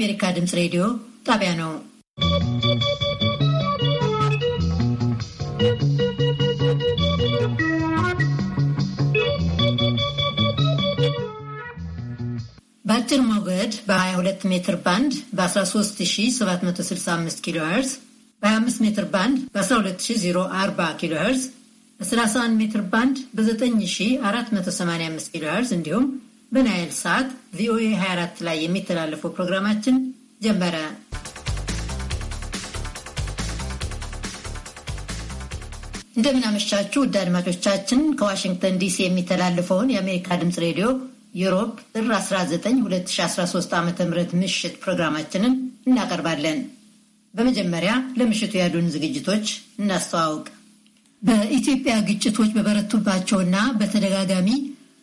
የአሜሪካ ድምፅ ሬዲዮ ጣቢያ ነው። በአጭር ሞገድ በ22 ሜትር ባንድ በ13765 ኪሎ ሄርዝ በ25 ሜትር ባንድ በ12040 ኪሎ ሄርዝ በ31 ሜትር ባንድ በ9485 ኪሎ ሄርዝ እንዲሁም በናይል ሰዓት ቪኦኤ 24 ላይ የሚተላለፈው ፕሮግራማችን ጀመረ። እንደምናመሻችሁ ውድ አድማጮቻችን፣ ከዋሽንግተን ዲሲ የሚተላለፈውን የአሜሪካ ድምፅ ሬዲዮ ዩሮፕ ጥር 19 2013 ዓ ም ምሽት ፕሮግራማችንን እናቀርባለን። በመጀመሪያ ለምሽቱ ያሉን ዝግጅቶች እናስተዋውቅ። በኢትዮጵያ ግጭቶች በበረቱባቸውና በተደጋጋሚ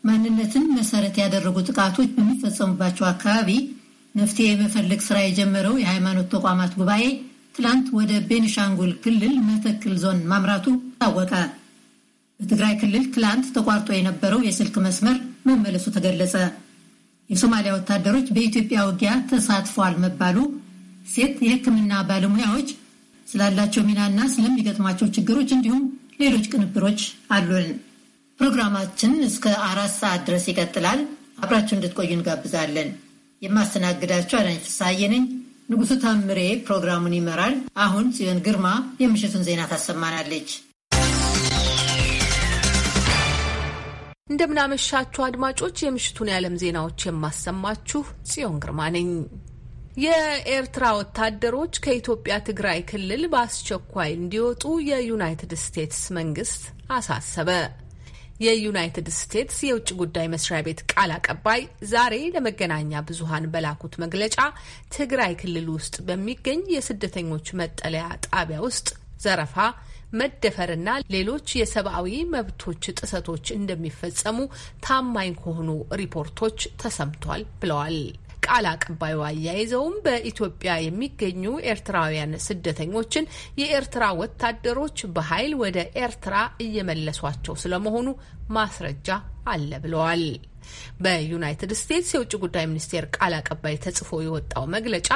ማንነትን መሰረት ያደረጉ ጥቃቶች በሚፈጸሙባቸው አካባቢ መፍትሄ የመፈለግ ስራ የጀመረው የሃይማኖት ተቋማት ጉባኤ ትላንት ወደ ቤኒሻንጉል ክልል መተክል ዞን ማምራቱ ታወቀ። በትግራይ ክልል ትላንት ተቋርጦ የነበረው የስልክ መስመር መመለሱ ተገለጸ። የሶማሊያ ወታደሮች በኢትዮጵያ ውጊያ ተሳትፏል መባሉ፣ ሴት የሕክምና ባለሙያዎች ስላላቸው ሚናና ስለሚገጥማቸው ችግሮች እንዲሁም ሌሎች ቅንብሮች አሉን። ፕሮግራማችን እስከ አራት ሰዓት ድረስ ይቀጥላል። አብራችሁ እንድትቆዩ እንጋብዛለን። የማስተናግዳችሁ አዳኝ ፍሳዬ ነኝ። ንጉሱ ታምሬ ፕሮግራሙን ይመራል። አሁን ጽዮን ግርማ የምሽቱን ዜና ታሰማናለች። እንደምናመሻችሁ አድማጮች፣ የምሽቱን የዓለም ዜናዎች የማሰማችሁ ጽዮን ግርማ ነኝ። የኤርትራ ወታደሮች ከኢትዮጵያ ትግራይ ክልል በአስቸኳይ እንዲወጡ የዩናይትድ ስቴትስ መንግስት አሳሰበ። የዩናይትድ ስቴትስ የውጭ ጉዳይ መስሪያ ቤት ቃል አቀባይ ዛሬ ለመገናኛ ብዙሃን በላኩት መግለጫ ትግራይ ክልል ውስጥ በሚገኝ የስደተኞች መጠለያ ጣቢያ ውስጥ ዘረፋ፣ መደፈርና ሌሎች የሰብአዊ መብቶች ጥሰቶች እንደሚፈጸሙ ታማኝ ከሆኑ ሪፖርቶች ተሰምቷል ብለዋል። ቃል አቀባዩ አያይዘውም በኢትዮጵያ የሚገኙ ኤርትራውያን ስደተኞችን የኤርትራ ወታደሮች በኃይል ወደ ኤርትራ እየመለሷቸው ስለመሆኑ ማስረጃ አለ ብለዋል። በዩናይትድ ስቴትስ የውጭ ጉዳይ ሚኒስቴር ቃል አቀባይ ተጽፎ የወጣው መግለጫ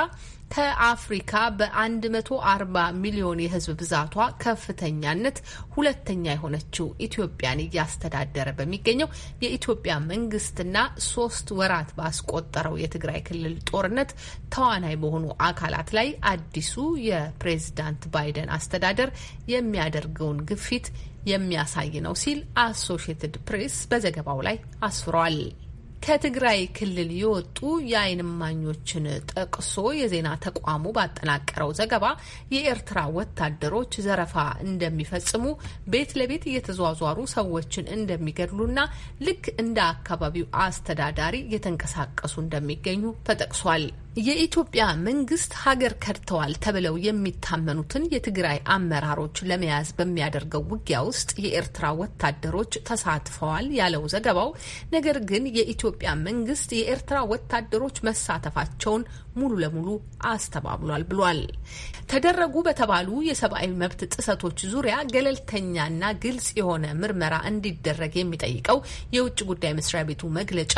ከአፍሪካ በ140 ሚሊዮን የህዝብ ብዛቷ ከፍተኛነት ሁለተኛ የሆነችው ኢትዮጵያን እያስተዳደረ በሚገኘው የኢትዮጵያ መንግስትና ሶስት ወራት ባስቆጠረው የትግራይ ክልል ጦርነት ተዋናይ በሆኑ አካላት ላይ አዲሱ የፕሬዝዳንት ባይደን አስተዳደር የሚያደርገውን ግፊት የሚያሳይ ነው ሲል አሶሽየትድ ፕሬስ በዘገባው ላይ አስፍሯል። ከትግራይ ክልል የወጡ የአይን እማኞችን ጠቅሶ የዜና ተቋሙ ባጠናቀረው ዘገባ የኤርትራ ወታደሮች ዘረፋ እንደሚፈጽሙ፣ ቤት ለቤት እየተዟዟሩ ሰዎችን እንደሚገድሉና ልክ እንደ አካባቢው አስተዳዳሪ እየተንቀሳቀሱ እንደሚገኙ ተጠቅሷል። የኢትዮጵያ መንግስት ሀገር ከድተዋል ተብለው የሚታመኑትን የትግራይ አመራሮች ለመያዝ በሚያደርገው ውጊያ ውስጥ የኤርትራ ወታደሮች ተሳትፈዋል ያለው ዘገባው፣ ነገር ግን የኢትዮጵያ መንግስት የኤርትራ ወታደሮች መሳተፋቸውን ሙሉ ለሙሉ አስተባብሏል ብሏል። ተደረጉ በተባሉ የሰብአዊ መብት ጥሰቶች ዙሪያ ገለልተኛና ግልጽ የሆነ ምርመራ እንዲደረግ የሚጠይቀው የውጭ ጉዳይ መስሪያ ቤቱ መግለጫ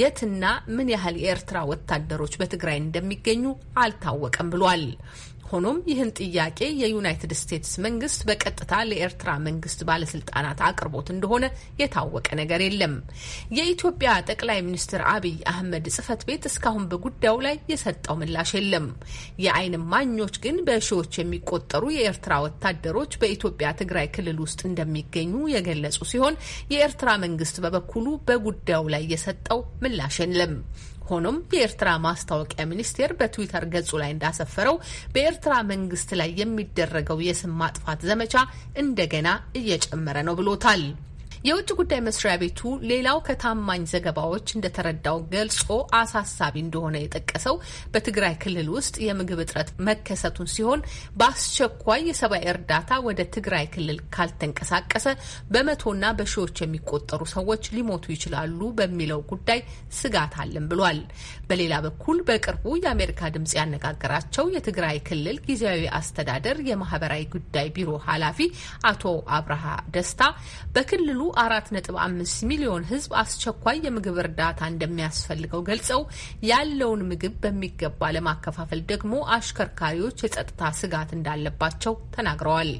የትና ምን ያህል የኤርትራ ወታደሮች በትግራይ እንደሚገኙ አልታወቀም ብሏል። ሆኖም ይህን ጥያቄ የዩናይትድ ስቴትስ መንግስት በቀጥታ ለኤርትራ መንግስት ባለስልጣናት አቅርቦት እንደሆነ የታወቀ ነገር የለም። የኢትዮጵያ ጠቅላይ ሚኒስትር አብይ አህመድ ጽህፈት ቤት እስካሁን በጉዳዩ ላይ የሰጠው ምላሽ የለም። የአይን ማኞች ግን በሺዎች የሚቆጠሩ የኤርትራ ወታደሮች በኢትዮጵያ ትግራይ ክልል ውስጥ እንደሚገኙ የገለጹ ሲሆን የኤርትራ መንግስት በበኩሉ በጉዳዩ ላይ የሰጠው ምላሽ የለም። ሆኖም የኤርትራ ማስታወቂያ ሚኒስቴር በትዊተር ገጹ ላይ እንዳሰፈረው በኤርትራ መንግስት ላይ የሚደረገው የስም ማጥፋት ዘመቻ እንደገና እየጨመረ ነው ብሎታል። የውጭ ጉዳይ መስሪያ ቤቱ ሌላው ከታማኝ ዘገባዎች እንደተረዳው ገልጾ አሳሳቢ እንደሆነ የጠቀሰው በትግራይ ክልል ውስጥ የምግብ እጥረት መከሰቱን ሲሆን በአስቸኳይ የሰብአዊ እርዳታ ወደ ትግራይ ክልል ካልተንቀሳቀሰ በመቶና በሺዎች የሚቆጠሩ ሰዎች ሊሞቱ ይችላሉ በሚለው ጉዳይ ስጋት አለን ብሏል። በሌላ በኩል በቅርቡ የአሜሪካ ድምጽ ያነጋገራቸው የትግራይ ክልል ጊዜያዊ አስተዳደር የማህበራዊ ጉዳይ ቢሮ ኃላፊ አቶ አብርሃ ደስታ በክልሉ አራት ነጥብ አምስት ሚሊዮን ህዝብ አስቸኳይ የምግብ እርዳታ እንደሚያስፈልገው ገልጸው ያለውን ምግብ በሚገባ ለማከፋፈል ደግሞ አሽከርካሪዎች የጸጥታ ስጋት እንዳለባቸው ተናግረዋል።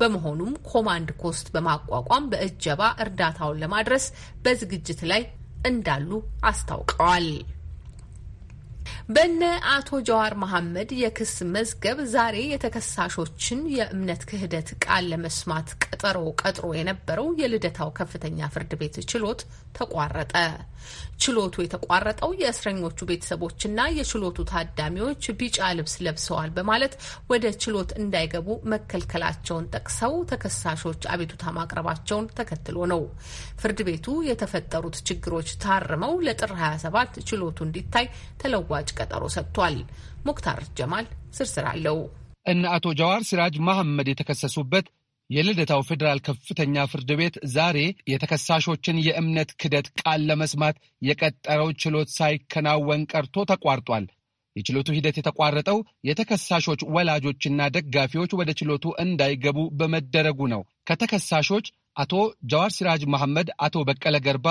በመሆኑም ኮማንድ ኮስት በማቋቋም በእጀባ እርዳታውን ለማድረስ በዝግጅት ላይ እንዳሉ አስታውቀዋል። በነ አቶ ጀዋር መሐመድ የክስ መዝገብ ዛሬ የተከሳሾችን የእምነት ክህደት ቃል ለመስማት ቀጠሮ ቀጥሮ የነበረው የልደታው ከፍተኛ ፍርድ ቤት ችሎት ተቋረጠ። ችሎቱ የተቋረጠው የእስረኞቹ ቤተሰቦችና የችሎቱ ታዳሚዎች ቢጫ ልብስ ለብሰዋል በማለት ወደ ችሎት እንዳይገቡ መከልከላቸውን ጠቅሰው ተከሳሾች አቤቱታ ማቅረባቸውን ተከትሎ ነው። ፍርድ ቤቱ የተፈጠሩት ችግሮች ታርመው ለጥር 27 ችሎቱ እንዲታይ ተለዋጭ ቀጠሮ ሰጥቷል። ሙክታር ጀማል ስርስር አለው። እነ አቶ ጀዋር ሲራጅ መሐመድ የተከሰሱበት የልደታው ፌዴራል ከፍተኛ ፍርድ ቤት ዛሬ የተከሳሾችን የእምነት ክደት ቃል ለመስማት የቀጠረው ችሎት ሳይከናወን ቀርቶ ተቋርጧል። የችሎቱ ሂደት የተቋረጠው የተከሳሾች ወላጆችና ደጋፊዎች ወደ ችሎቱ እንዳይገቡ በመደረጉ ነው። ከተከሳሾች አቶ ጀዋር ሲራጅ መሐመድ፣ አቶ በቀለ ገርባ፣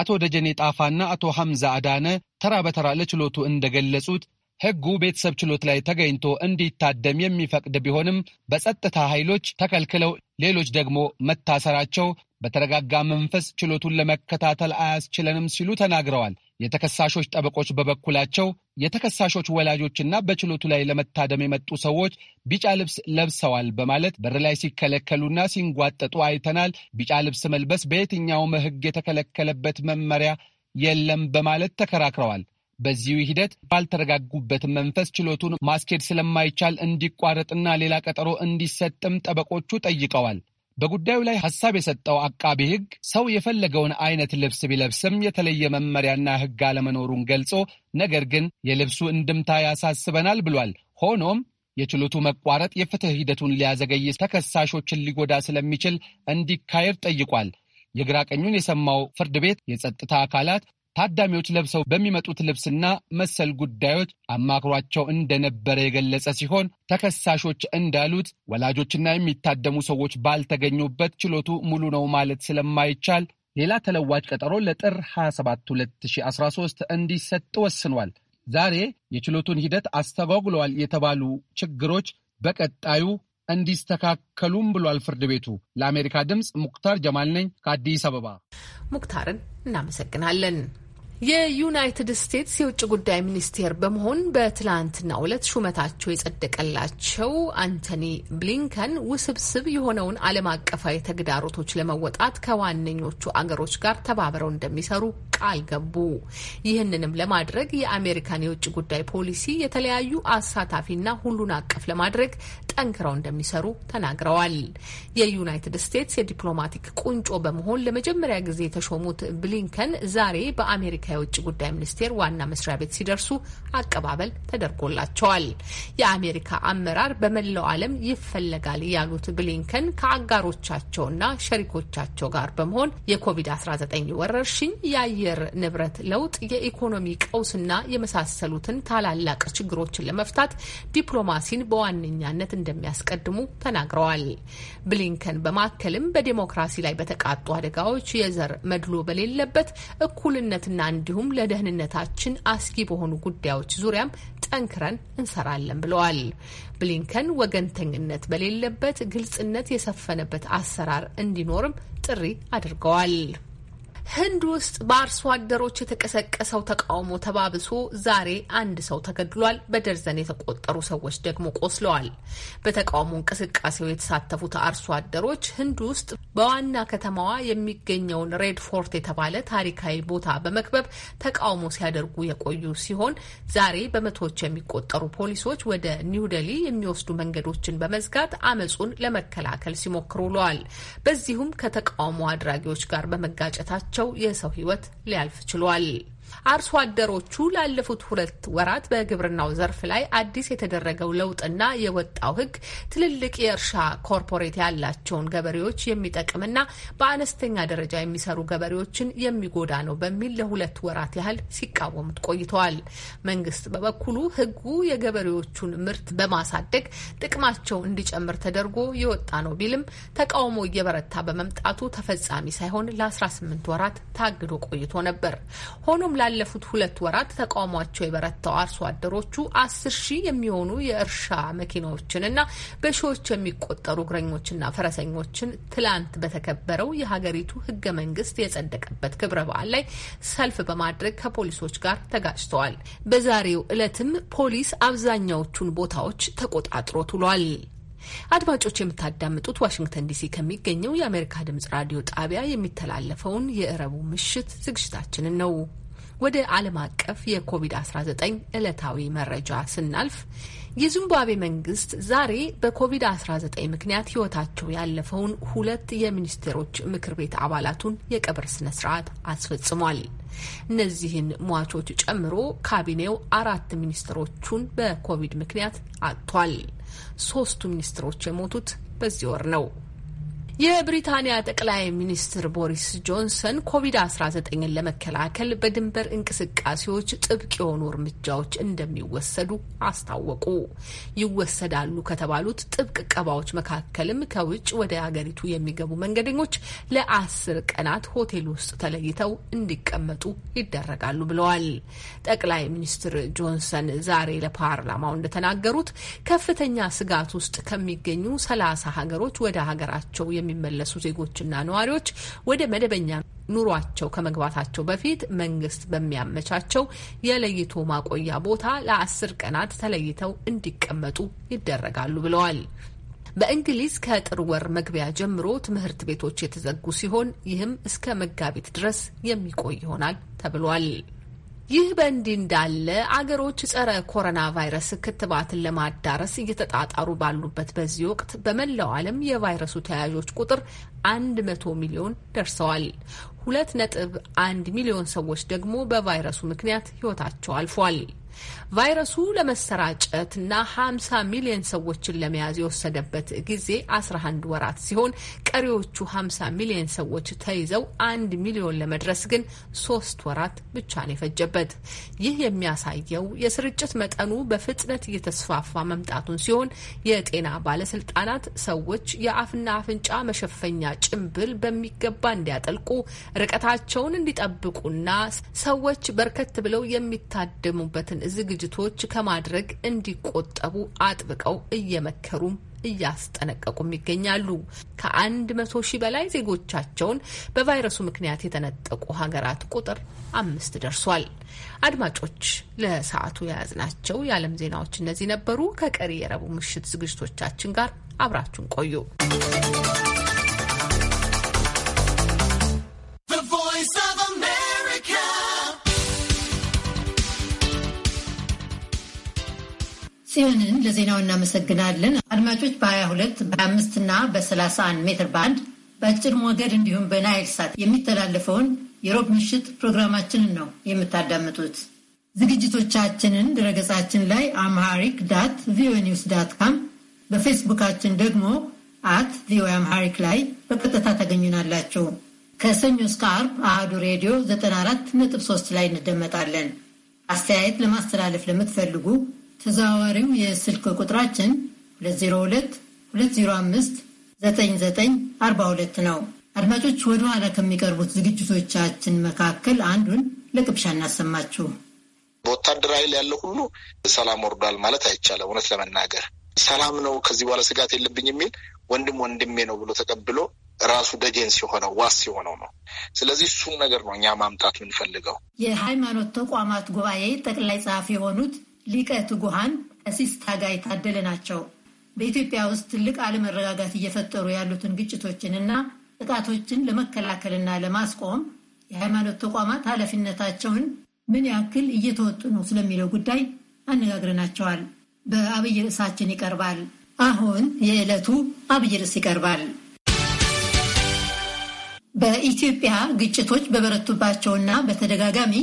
አቶ ደጀኔ ጣፋና አቶ ሐምዛ አዳነ ተራ በተራ ለችሎቱ እንደገለጹት ሕጉ ቤተሰብ ችሎት ላይ ተገኝቶ እንዲታደም የሚፈቅድ ቢሆንም በጸጥታ ኃይሎች ተከልክለው ሌሎች ደግሞ መታሰራቸው በተረጋጋ መንፈስ ችሎቱን ለመከታተል አያስችለንም ሲሉ ተናግረዋል። የተከሳሾች ጠበቆች በበኩላቸው የተከሳሾች ወላጆችና በችሎቱ ላይ ለመታደም የመጡ ሰዎች ቢጫ ልብስ ለብሰዋል በማለት በር ላይ ሲከለከሉና ሲንጓጠጡ አይተናል። ቢጫ ልብስ መልበስ በየትኛውም ሕግ የተከለከለበት መመሪያ የለም በማለት ተከራክረዋል። በዚሁ ሂደት ባልተረጋጉበት መንፈስ ችሎቱን ማስኬድ ስለማይቻል እንዲቋረጥና ሌላ ቀጠሮ እንዲሰጥም ጠበቆቹ ጠይቀዋል። በጉዳዩ ላይ ሐሳብ የሰጠው አቃቢ ሕግ ሰው የፈለገውን አይነት ልብስ ቢለብስም የተለየ መመሪያና ሕግ አለመኖሩን ገልጾ ነገር ግን የልብሱ እንድምታ ያሳስበናል ብሏል። ሆኖም የችሎቱ መቋረጥ የፍትሕ ሂደቱን ሊያዘገይ፣ ተከሳሾችን ሊጎዳ ስለሚችል እንዲካሄድ ጠይቋል። የግራ ቀኙን የሰማው ፍርድ ቤት የጸጥታ አካላት ታዳሚዎች ለብሰው በሚመጡት ልብስና መሰል ጉዳዮች አማክሯቸው እንደነበረ የገለጸ ሲሆን ተከሳሾች እንዳሉት ወላጆችና የሚታደሙ ሰዎች ባልተገኙበት ችሎቱ ሙሉ ነው ማለት ስለማይቻል ሌላ ተለዋጭ ቀጠሮ ለጥር 27 2013 እንዲሰጥ ወስኗል። ዛሬ የችሎቱን ሂደት አስተጓጉለዋል የተባሉ ችግሮች በቀጣዩ እንዲስተካከሉም ብሏል ፍርድ ቤቱ። ለአሜሪካ ድምፅ ሙክታር ጀማል ነኝ ከአዲስ አበባ። ሙክታርን እናመሰግናለን። የዩናይትድ ስቴትስ የውጭ ጉዳይ ሚኒስቴር በመሆን በትላንትናው ዕለት ሹመታቸው የጸደቀላቸው አንቶኒ ብሊንከን ውስብስብ የሆነውን ዓለም አቀፋዊ ተግዳሮቶች ለመወጣት ከዋነኞቹ አገሮች ጋር ተባብረው እንደሚሰሩ ቃል ገቡ። ይህንንም ለማድረግ የአሜሪካን የውጭ ጉዳይ ፖሊሲ የተለያዩ አሳታፊና ሁሉን አቀፍ ለማድረግ ጠንክረው እንደሚሰሩ ተናግረዋል። የዩናይትድ ስቴትስ የዲፕሎማቲክ ቁንጮ በመሆን ለመጀመሪያ ጊዜ የተሾሙት ብሊንከን ዛሬ በአሜሪካ ከውጭ ጉዳይ ሚኒስቴር ዋና መስሪያ ቤት ሲደርሱ አቀባበል ተደርጎላቸዋል። የአሜሪካ አመራር በመላው ዓለም ይፈለጋል ያሉት ብሊንከን ከአጋሮቻቸውና ሸሪኮቻቸው ጋር በመሆን የኮቪድ-19 ወረርሽኝ፣ የአየር ንብረት ለውጥ፣ የኢኮኖሚ ቀውስና የመሳሰሉትን ታላላቅ ችግሮችን ለመፍታት ዲፕሎማሲን በዋነኛነት እንደሚያስቀድሙ ተናግረዋል። ብሊንከን በማከልም በዴሞክራሲ ላይ በተቃጡ አደጋዎች የዘር መድሎ በሌለበት እኩልነትና እንዲሁም ለደህንነታችን አስጊ በሆኑ ጉዳዮች ዙሪያም ጠንክረን እንሰራለን ብለዋል። ብሊንከን ወገንተኝነት በሌለበት ግልጽነት የሰፈነበት አሰራር እንዲኖርም ጥሪ አድርገዋል። ህንድ ውስጥ በአርሶ አደሮች የተቀሰቀሰው ተቃውሞ ተባብሶ ዛሬ አንድ ሰው ተገድሏል። በደርዘን የተቆጠሩ ሰዎች ደግሞ ቆስለዋል። በተቃውሞ እንቅስቃሴው የተሳተፉት አርሶ አደሮች ህንድ ውስጥ በዋና ከተማዋ የሚገኘውን ሬድ ፎርት የተባለ ታሪካዊ ቦታ በመክበብ ተቃውሞ ሲያደርጉ የቆዩ ሲሆን ዛሬ በመቶዎች የሚቆጠሩ ፖሊሶች ወደ ኒውዴሊ የሚወስዱ መንገዶችን በመዝጋት አመጹን ለመከላከል ሲሞክሩ ውለዋል። በዚሁም ከተቃውሞ አድራጊዎች ጋር በመጋጨታቸው የሌላቸው የሰው ህይወት ሊያልፍ ችሏል። አርሶ አደሮቹ ላለፉት ሁለት ወራት በግብርናው ዘርፍ ላይ አዲስ የተደረገው ለውጥና የወጣው ሕግ ትልልቅ የእርሻ ኮርፖሬት ያላቸውን ገበሬዎች የሚጠቅምና በአነስተኛ ደረጃ የሚሰሩ ገበሬዎችን የሚጎዳ ነው በሚል ለሁለት ወራት ያህል ሲቃወሙት ቆይተዋል። መንግስት በበኩሉ ሕጉ የገበሬዎቹን ምርት በማሳደግ ጥቅማቸው እንዲጨምር ተደርጎ የወጣ ነው ቢልም ተቃውሞ እየበረታ በመምጣቱ ተፈጻሚ ሳይሆን ለ18 ወራት ታግዶ ቆይቶ ነበር። ሆኖም ላለፉት ሁለት ወራት ተቃውሟቸው የበረታው አርሶ አደሮቹ አስር ሺህ የሚሆኑ የእርሻ መኪናዎችንና በሺዎች የሚቆጠሩ እግረኞችና ፈረሰኞችን ትላንት በተከበረው የሀገሪቱ ህገ መንግስት የጸደቀበት ክብረ በዓል ላይ ሰልፍ በማድረግ ከፖሊሶች ጋር ተጋጭተዋል። በዛሬው ዕለትም ፖሊስ አብዛኛዎቹን ቦታዎች ተቆጣጥሮ ውሏል። አድማጮች የምታዳምጡት ዋሽንግተን ዲሲ ከሚገኘው የአሜሪካ ድምጽ ራዲዮ ጣቢያ የሚተላለፈውን የእረቡ ምሽት ዝግጅታችንን ነው። ወደ ዓለም አቀፍ የኮቪድ-19 ዕለታዊ መረጃ ስናልፍ የዚምባብዌ መንግስት ዛሬ በኮቪድ-19 ምክንያት ህይወታቸው ያለፈውን ሁለት የሚኒስቴሮች ምክር ቤት አባላቱን የቀብር ስነ ስርዓት አስፈጽሟል። እነዚህን ሟቾች ጨምሮ ካቢኔው አራት ሚኒስትሮቹን በኮቪድ ምክንያት አጥቷል። ሶስቱ ሚኒስትሮች የሞቱት በዚህ ወር ነው። የብሪታንያ ጠቅላይ ሚኒስትር ቦሪስ ጆንሰን ኮቪድ-19ን ለመከላከል በድንበር እንቅስቃሴዎች ጥብቅ የሆኑ እርምጃዎች እንደሚወሰዱ አስታወቁ። ይወሰዳሉ ከተባሉት ጥብቅ ቀባዎች መካከልም ከውጭ ወደ አገሪቱ የሚገቡ መንገደኞች ለአስር ቀናት ሆቴል ውስጥ ተለይተው እንዲቀመጡ ይደረጋሉ ብለዋል። ጠቅላይ ሚኒስትር ጆንሰን ዛሬ ለፓርላማው እንደተናገሩት ከፍተኛ ስጋት ውስጥ ከሚገኙ ሰላሳ ሀገሮች ወደ ሀገራቸው የሚመለሱ ዜጎችና ነዋሪዎች ወደ መደበኛ ኑሯቸው ከመግባታቸው በፊት መንግስት በሚያመቻቸው የለይቶ ማቆያ ቦታ ለአስር ቀናት ተለይተው እንዲቀመጡ ይደረጋሉ ብለዋል። በእንግሊዝ ከጥር ወር መግቢያ ጀምሮ ትምህርት ቤቶች የተዘጉ ሲሆን ይህም እስከ መጋቢት ድረስ የሚቆይ ይሆናል ተብሏል። ይህ በእንዲህ እንዳለ አገሮች ጸረ ኮሮና ቫይረስ ክትባትን ለማዳረስ እየተጣጣሩ ባሉበት በዚህ ወቅት በመላው ዓለም የቫይረሱ ተያዦች ቁጥር 100 ሚሊዮን ደርሰዋል። ሁለት ነጥብ አንድ ሚሊዮን ሰዎች ደግሞ በቫይረሱ ምክንያት ሕይወታቸው አልፏል። ቫይረሱ ለመሰራጨት እና 50 ሚሊዮን ሰዎችን ለመያዝ የወሰደበት ጊዜ 11 ወራት ሲሆን ቀሪዎቹ 50 ሚሊዮን ሰዎች ተይዘው አንድ ሚሊዮን ለመድረስ ግን ሶስት ወራት ብቻ ነው የፈጀበት። ይህ የሚያሳየው የስርጭት መጠኑ በፍጥነት እየተስፋፋ መምጣቱን ሲሆን የጤና ባለስልጣናት ሰዎች የአፍና አፍንጫ መሸፈኛ ጭንብል በሚገባ እንዲያጠልቁ፣ ርቀታቸውን እንዲጠብቁና ሰዎች በርከት ብለው የሚታደሙበትን ዝግ ድርጅቶች ከማድረግ እንዲቆጠቡ አጥብቀው እየመከሩም እያስጠነቀቁም ይገኛሉ። ከአንድ መቶ ሺህ በላይ ዜጎቻቸውን በቫይረሱ ምክንያት የተነጠቁ ሀገራት ቁጥር አምስት ደርሷል። አድማጮች፣ ለሰዓቱ የያዝናቸው የዓለም ዜናዎች እነዚህ ነበሩ። ከቀሪ የረቡዕ ምሽት ዝግጅቶቻችን ጋር አብራችሁን ቆዩ። ጽዮንን ለዜናው እናመሰግናለን። አድማጮች በ22 በ25 እና በ31 ሜትር ባንድ በአጭር ሞገድ እንዲሁም በናይል ሳት የሚተላለፈውን የሮብ ምሽት ፕሮግራማችንን ነው የምታዳምጡት። ዝግጅቶቻችንን ድረገጻችን ላይ አምሃሪክ ዳት ቪኦኤ ኒውስ ዳት ካም፣ በፌስቡካችን ደግሞ አት ቪኦኤ አምሃሪክ ላይ በቀጥታ ታገኙናላችሁ። ከሰኞ እስከ አርብ አህዱ ሬዲዮ 94.3 ላይ እንደመጣለን። አስተያየት ለማስተላለፍ ለምትፈልጉ ተዘዋዋሪው የስልክ ቁጥራችን 2022059942 ነው። አድማጮች ወደ ኋላ ከሚቀርቡት ዝግጅቶቻችን መካከል አንዱን ለቅብሻ እናሰማችሁ። በወታደራዊ ኃይል ያለው ሁሉ ሰላም ወርዷል ማለት አይቻልም። እውነት ለመናገር ሰላም ነው፣ ከዚህ በኋላ ስጋት የለብኝ የሚል ወንድም ወንድሜ ነው ብሎ ተቀብሎ ራሱ ደጀን ሲሆነው ዋስ ሲሆነው ነው። ስለዚህ እሱም ነገር ነው እኛ ማምጣት የምንፈልገው። የሃይማኖት ተቋማት ጉባኤ ጠቅላይ ጸሐፊ የሆኑት ሊቀ ትጉሃን ቀሲስ ታጋይ ታደለ ናቸው። በኢትዮጵያ ውስጥ ትልቅ አለመረጋጋት እየፈጠሩ ያሉትን ግጭቶችንና ጥቃቶችን ለመከላከልና ለማስቆም የሃይማኖት ተቋማት ኃላፊነታቸውን ምን ያክል እየተወጡ ነው ስለሚለው ጉዳይ አነጋግረናቸዋል። በአብይ ርዕሳችን ይቀርባል። አሁን የዕለቱ አብይ ርዕስ ይቀርባል። በኢትዮጵያ ግጭቶች በበረቱባቸውና በተደጋጋሚ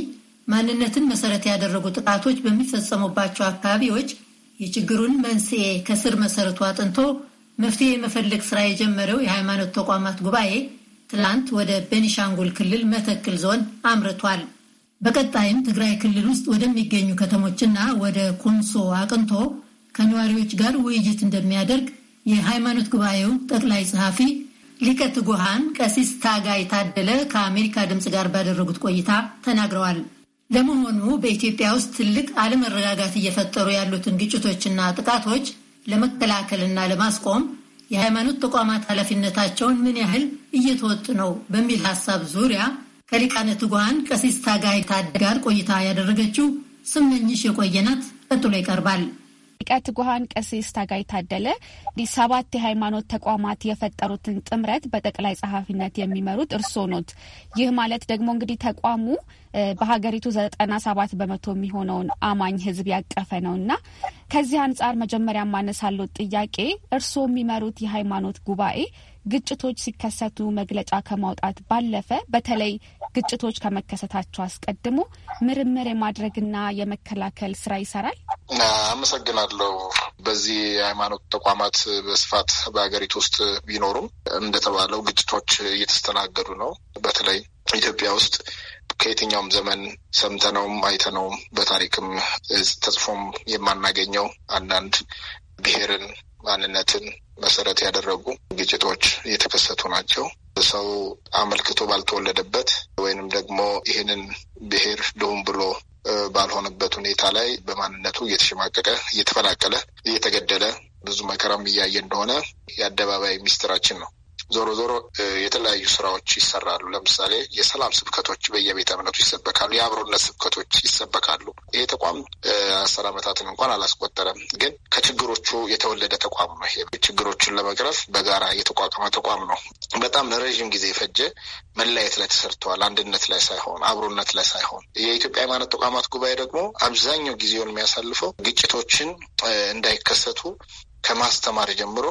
ማንነትን መሰረት ያደረጉ ጥቃቶች በሚፈጸሙባቸው አካባቢዎች የችግሩን መንስኤ ከስር መሰረቱ አጥንቶ መፍትሄ የመፈለግ ስራ የጀመረው የሃይማኖት ተቋማት ጉባኤ ትላንት ወደ ቤኒሻንጉል ክልል መተክል ዞን አምርቷል። በቀጣይም ትግራይ ክልል ውስጥ ወደሚገኙ ከተሞችና ወደ ኮንሶ አቅንቶ ከነዋሪዎች ጋር ውይይት እንደሚያደርግ የሃይማኖት ጉባኤው ጠቅላይ ጸሐፊ ሊቀ ትጉሃን ቀሲስ ታጋይ ታደለ ከአሜሪካ ድምፅ ጋር ባደረጉት ቆይታ ተናግረዋል። ለመሆኑ በኢትዮጵያ ውስጥ ትልቅ አለመረጋጋት እየፈጠሩ ያሉትን ግጭቶችና ጥቃቶች ለመከላከልና ለማስቆም የሃይማኖት ተቋማት ኃላፊነታቸውን ምን ያህል እየተወጡ ነው በሚል ሀሳብ ዙሪያ ከሊቃነ ትጉሃን ቀሲስ ታጋይ ታድ ጋር ቆይታ ያደረገችው ስመኝሽ የቆየናት ቀጥሎ ይቀርባል። ሊቀ ጉሃን ቀሲስ ታጋይ ታደለ ሰባት የሃይማኖት ተቋማት የፈጠሩትን ጥምረት በጠቅላይ ጸሐፊነት የሚመሩት እርስዎ ኖት። ይህ ማለት ደግሞ እንግዲህ ተቋሙ በሀገሪቱ ዘጠና ሰባት በመቶ የሚሆነውን አማኝ ህዝብ ያቀፈ ነው እና ከዚህ አንጻር መጀመሪያ ማነሳሎት ጥያቄ እርስዎ የሚመሩት የሃይማኖት ጉባኤ ግጭቶች ሲከሰቱ መግለጫ ከማውጣት ባለፈ በተለይ ግጭቶች ከመከሰታቸው አስቀድሞ ምርምር የማድረግና የመከላከል ስራ ይሰራል። አመሰግናለሁ። በዚህ የሃይማኖት ተቋማት በስፋት በሀገሪቱ ውስጥ ቢኖሩም እንደተባለው ግጭቶች እየተስተናገዱ ነው። በተለይ ኢትዮጵያ ውስጥ ከየትኛውም ዘመን ሰምተነውም አይተነውም በታሪክም ተጽፎም የማናገኘው አንዳንድ ብሔርን ማንነትን መሰረት ያደረጉ ግጭቶች የተከሰቱ ናቸው። ሰው አመልክቶ ባልተወለደበት ወይንም ደግሞ ይህንን ብሔር ልሁን ብሎ ባልሆነበት ሁኔታ ላይ በማንነቱ እየተሸማቀቀ እየተፈናቀለ እየተገደለ ብዙ መከራም እያየ እንደሆነ የአደባባይ ሚስጥራችን ነው። ዞሮ ዞሮ የተለያዩ ስራዎች ይሰራሉ። ለምሳሌ የሰላም ስብከቶች በየቤተ እምነቱ ይሰበካሉ። የአብሮነት ስብከቶች ይሰበካሉ። ይሄ ተቋም አስር ዓመታትን እንኳን አላስቆጠረም፣ ግን ከችግሮቹ የተወለደ ተቋም ነው። ይሄ ችግሮቹን ለመቅረፍ በጋራ የተቋቋመ ተቋም ነው። በጣም ለረዥም ጊዜ የፈጀ መለያየት ላይ ተሰርተዋል፣ አንድነት ላይ ሳይሆን አብሮነት ላይ ሳይሆን። የኢትዮጵያ ሃይማኖት ተቋማት ጉባኤ ደግሞ አብዛኛው ጊዜውን የሚያሳልፈው ግጭቶችን እንዳይከሰቱ ከማስተማር ጀምሮ